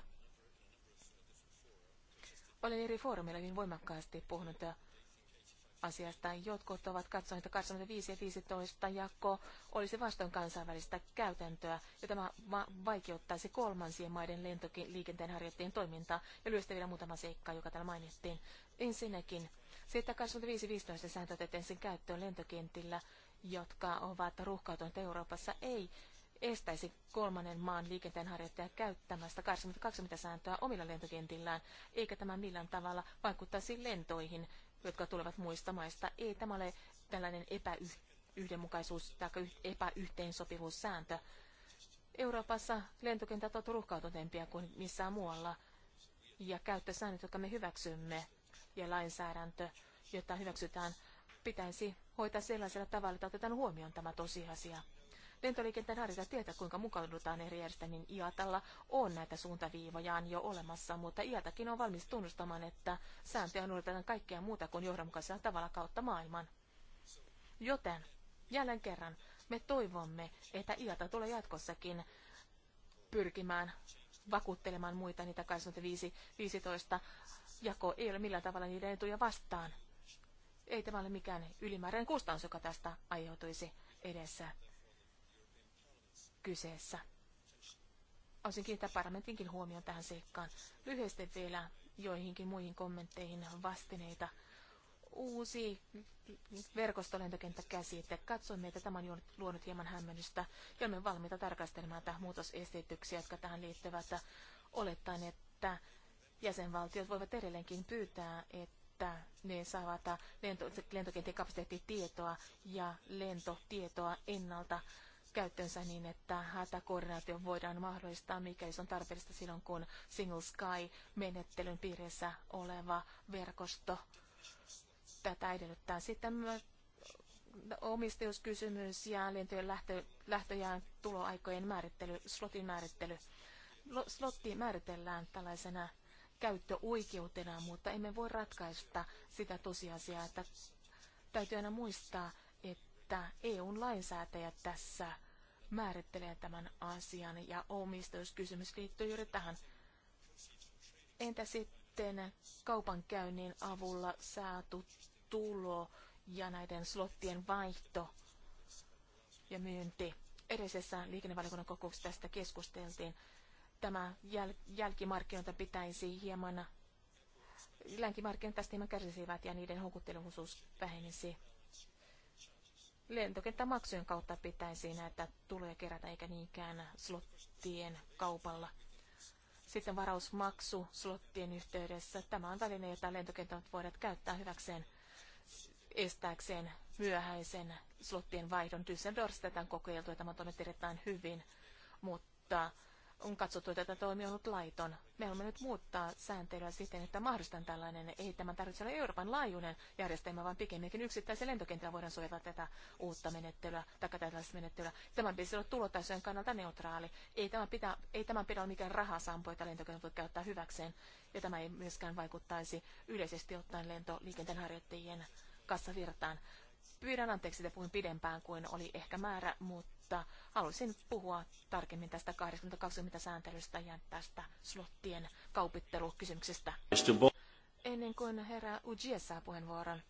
Olen eri foorumilla hyvin voimakkaasti puhunut asiasta. Jotkut ovat katsoneet, että 25 ja 15 jako olisi vastoin kansainvälistä käytäntöä, ja tämä vaikeuttaisi kolmansien maiden lentoliikenteen harjoittajien toimintaa. Ja lyhyesti vielä muutama seikka, joka täällä mainittiin. Ensinnäkin sitten 25.15 sääntö otettiin ensin käyttöön lentokentillä, jotka ovat ruuhkautuneet Euroopassa, ei estäisi kolmannen maan liikenteenharjoittajaa käyttämästä 22 sääntöä omilla lentokentillään, eikä tämä millään tavalla vaikuttaisi lentoihin, jotka tulevat muista maista. Ei tämä ole tällainen epäyhdenmukaisuus tai epäyhteensopivuussääntö. Euroopassa lentokentät ovat ruuhkautuneempia kuin missään muualla, ja käyttösäännöt, jotka me hyväksymme, ja lainsäädäntö, jota hyväksytään, pitäisi hoitaa sellaisella tavalla, että otetaan huomioon tämä tosiasia. Lentoliikenteen harjoittajat tietää, kuinka mukaudutaan eri järjestelmiin. IATalla on näitä suuntaviivojaan jo olemassa, mutta IATakin on valmis tunnustamaan, että sääntöjä noudatetaan kaikkea muuta kuin johdonmukaisella tavalla kautta maailman. Joten, jälleen kerran, me toivomme, että IATA tulee jatkossakin pyrkimään vakuuttelemaan muita niitä 2015 jako ei ole millään tavalla niiden etuja vastaan. Ei tämä ole mikään ylimääräinen kustannus, joka tästä aiheutuisi edessä kyseessä. Olisin kiinnittää parlamentinkin huomioon tähän seikkaan. Lyhyesti vielä joihinkin muihin kommentteihin vastineita. Uusi verkostolentokenttäkäsite. Katsoimme, että tämä on luonut hieman hämmennystä ja olemme valmiita tarkastelemaan tähän muutosesityksiä, jotka tähän liittyvät olettaen, että jäsenvaltiot voivat edelleenkin pyytää, että ne saavat lento, lentokenttien kapasiteettitietoa ja lentotietoa ennalta käyttöönsä niin, että hätäkoordinaatio voidaan mahdollistaa, mikäli se on tarpeellista silloin, kun Single Sky-menettelyn piirissä oleva verkosto tätä edellyttää. Sitten myös omistajuuskysymys ja lentojen lähtö, lähtö- ja tuloaikojen määrittely, slotin määrittely. Slotti määritellään tällaisena käyttöoikeutena, mutta emme voi ratkaista sitä tosiasiaa, että täytyy aina muistaa, että EUn lainsäätäjät tässä määrittelee tämän asian ja omistajuuskysymys liittyy juuri tähän. Entä sitten kaupankäynnin avulla saatu tulo ja näiden slottien vaihto ja myynti? Edellisessä liikennevaliokunnan kokouksessa tästä keskusteltiin tämä jäl, jälkimarkkinoita pitäisi hieman, länkimarkkinoita tästä hieman kärsisivät ja niiden houkutteluhuisuus vähenisi. Lentokenttämaksujen kautta pitäisi näitä tuloja kerätä eikä niinkään slottien kaupalla. Sitten varausmaksu slottien yhteydessä. Tämä on väline, jota lentokentät voivat käyttää hyväkseen estääkseen myöhäisen slottien vaihdon. Düsseldorfissa tätä on kokeiltu ja tämä on erittäin hyvin, mutta on katsottu, että tämä toimi on ollut laiton. Me haluamme nyt muuttaa sääntelyä siten, että mahdollistan tällainen, ei tämän tarvitse olla Euroopan laajuinen järjestelmä, vaan pikemminkin yksittäisen lentokentällä voidaan soveltaa tätä uutta menettelyä tai tällaista menettelyä. Tämä pitäisi olla tulotasojen kannalta neutraali. Ei tämä, pidä, ei tämä pidä olla mikään rahasampo, että lentokentä voi käyttää hyväkseen. Ja tämä ei myöskään vaikuttaisi yleisesti ottaen lentoliikenteen harjoittajien kassavirtaan. Pyydän anteeksi, että puhuin pidempään kuin oli ehkä määrä, mutta mutta haluaisin puhua tarkemmin tästä 80-20 sääntelystä ja tästä slottien kaupittelukysymyksestä. Ennen kuin herra Ujie saa puheenvuoron,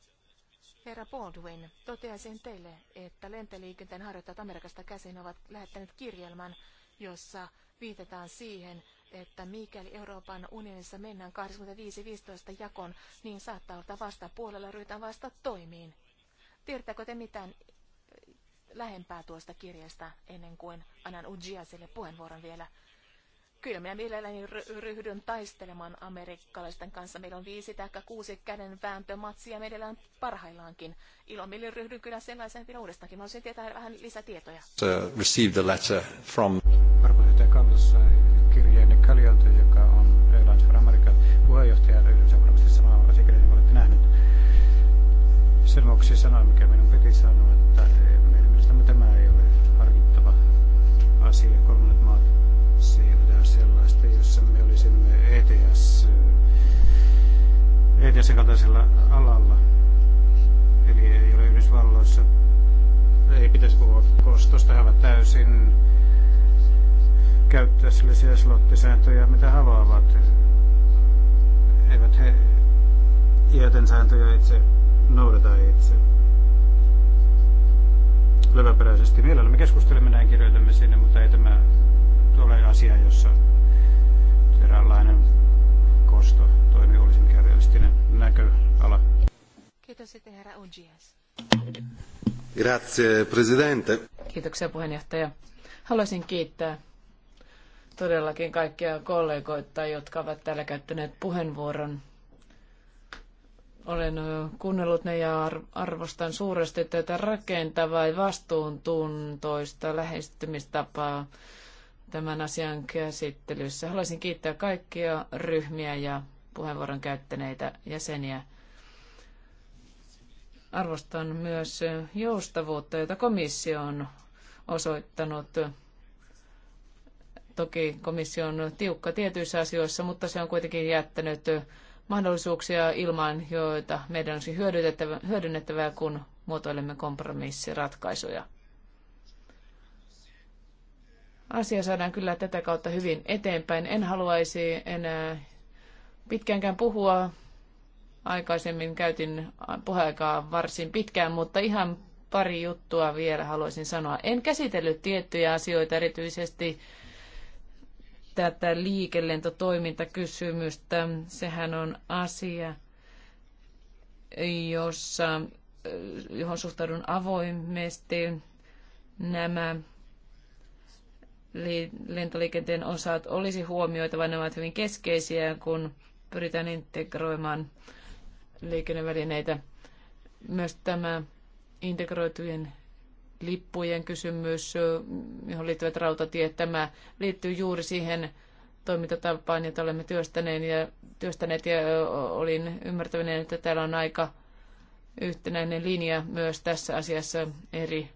herra Baldwin, toteaisin teille, että lentoliikenteen harjoittajat Amerikasta käsin ovat lähettäneet kirjelmän, jossa viitataan siihen, että mikäli Euroopan unionissa mennään 25 15 jakon, niin saattaa olla vasta puolella ryhdytään vasta toimiin. Tiedättekö te mitään lähempää tuosta kirjasta ennen kuin annan Ujiasille puheenvuoron vielä. Kyllä minä mielelläni ryhdyn taistelemaan amerikkalaisten kanssa. Meillä on viisi tai kuusi vääntömatsia meillä on parhaillaankin. Ilomielin ryhdyn kyllä sellaisen vielä uudestaankin. Mä olisin tietää vähän lisätietoja.
Received the letter from... sai kirjeen Kaljalta, joka on Airlines for America puheenjohtaja. varmasti jonka niin olette nähnyt. Sen vuoksi sanoin, mikä minun piti sanoa, että Mielestämme tämä ei ole harkittava asia. Kolmannet maat siirtää sellaista, jossa me olisimme ETS, ETS kaltaisella alalla. Eli ei ole Yhdysvalloissa, ei pitäisi puhua kostosta, he ovat täysin käyttää sellaisia slottisääntöjä, mitä haluavat. Eivät he joten sääntöjä itse noudata itse leväperäisesti. me keskustelemme näin kirjoitamme sinne, mutta ei tämä ole asia, jossa eräänlainen kosto toimi olisi mikä realistinen näköala.
Kiitos sitten herra Ujias.
Grazie, presidente.
Kiitoksia puheenjohtaja. Haluaisin kiittää todellakin kaikkia kollegoita, jotka ovat täällä käyttäneet puheenvuoron olen kuunnellut ne ja arvostan suuresti tätä rakentavaa ja vastuuntuntoista lähestymistapaa tämän asian käsittelyssä. Haluaisin kiittää kaikkia ryhmiä ja puheenvuoron käyttäneitä jäseniä. Arvostan myös joustavuutta, jota komissio on osoittanut. Toki komissio on tiukka tietyissä asioissa, mutta se on kuitenkin jättänyt mahdollisuuksia ilman, joita meidän olisi hyödynnettävää, kun muotoilemme kompromissiratkaisuja. Asia saadaan kyllä tätä kautta hyvin eteenpäin. En haluaisi enää pitkäänkään puhua. Aikaisemmin käytin puheaikaa varsin pitkään, mutta ihan pari juttua vielä haluaisin sanoa. En käsitellyt tiettyjä asioita erityisesti tätä liikelentotoimintakysymystä. Sehän on asia, jossa, johon suhtaudun avoimesti. Nämä lentoliikenteen osat olisi huomioitava. Ne ovat hyvin keskeisiä, kun pyritään integroimaan liikennevälineitä. Myös tämä integroitujen lippujen kysymys, johon liittyvät rautatiet, tämä liittyy juuri siihen toimintatapaan, jota olemme työstäneet ja, työstäneet ja olin ymmärtäminen, että täällä on aika yhtenäinen linja myös tässä asiassa eri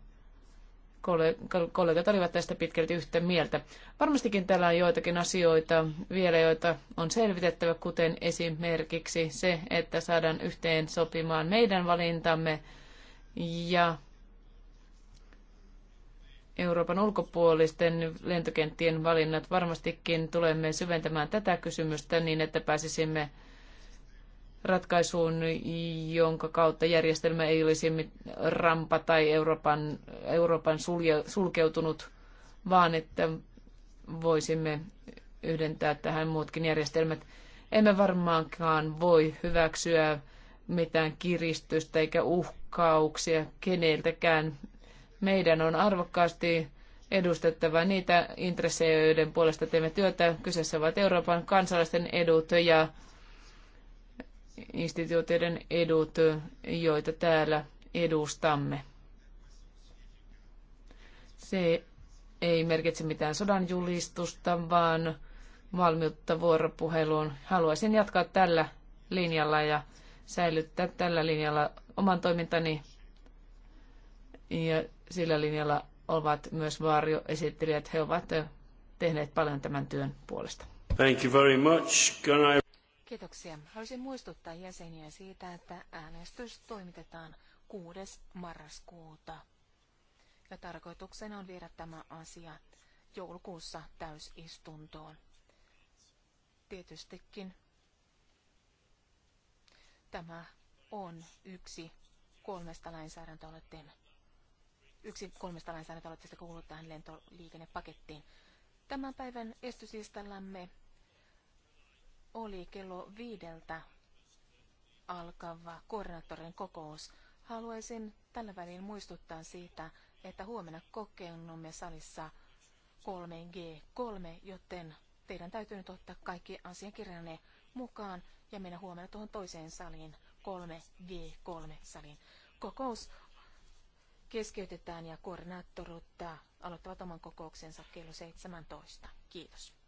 kollegat olivat tästä pitkälti yhtä mieltä. Varmastikin täällä on joitakin asioita vielä, joita on selvitettävä, kuten esimerkiksi se, että saadaan yhteen sopimaan meidän valintamme ja Euroopan ulkopuolisten lentokenttien valinnat. Varmastikin tulemme syventämään tätä kysymystä niin, että pääsisimme ratkaisuun, jonka kautta järjestelmä ei olisi rampa tai Euroopan, Euroopan sulje, sulkeutunut, vaan että voisimme yhdentää tähän muutkin järjestelmät. Emme varmaankaan voi hyväksyä mitään kiristystä eikä uhkauksia keneltäkään meidän on arvokkaasti edustettava niitä intressejä, joiden puolesta teemme työtä. Kyseessä ovat Euroopan kansalaisten edut ja instituutioiden edut, joita täällä edustamme. Se ei merkitse mitään sodan julistusta, vaan valmiutta vuoropuheluun. Haluaisin jatkaa tällä linjalla ja säilyttää tällä linjalla oman toimintani ja sillä linjalla ovat myös varjoesittelijät. He ovat tehneet paljon tämän työn puolesta.
Thank you very much. Can I...
Kiitoksia. Haluaisin muistuttaa jäseniä siitä, että äänestys toimitetaan 6. marraskuuta. Ja tarkoituksena on viedä tämä asia joulukuussa täysistuntoon. Tietystikin tämä on yksi kolmesta lainsäädäntöaloitteen yksi kolmesta lainsäädäntöaloitteesta kuuluu tähän lentoliikennepakettiin. Tämän päivän estyslistallamme oli kello viideltä alkava koordinaattorin kokous. Haluaisin tällä välin muistuttaa siitä, että huomenna kokeilumme salissa 3G3, joten teidän täytyy nyt ottaa kaikki asiakirjanne mukaan ja mennä huomenna tuohon toiseen saliin, 3G3-saliin. Kokous keskeytetään ja koordinaattorit aloittavat oman kokouksensa kello 17. Kiitos.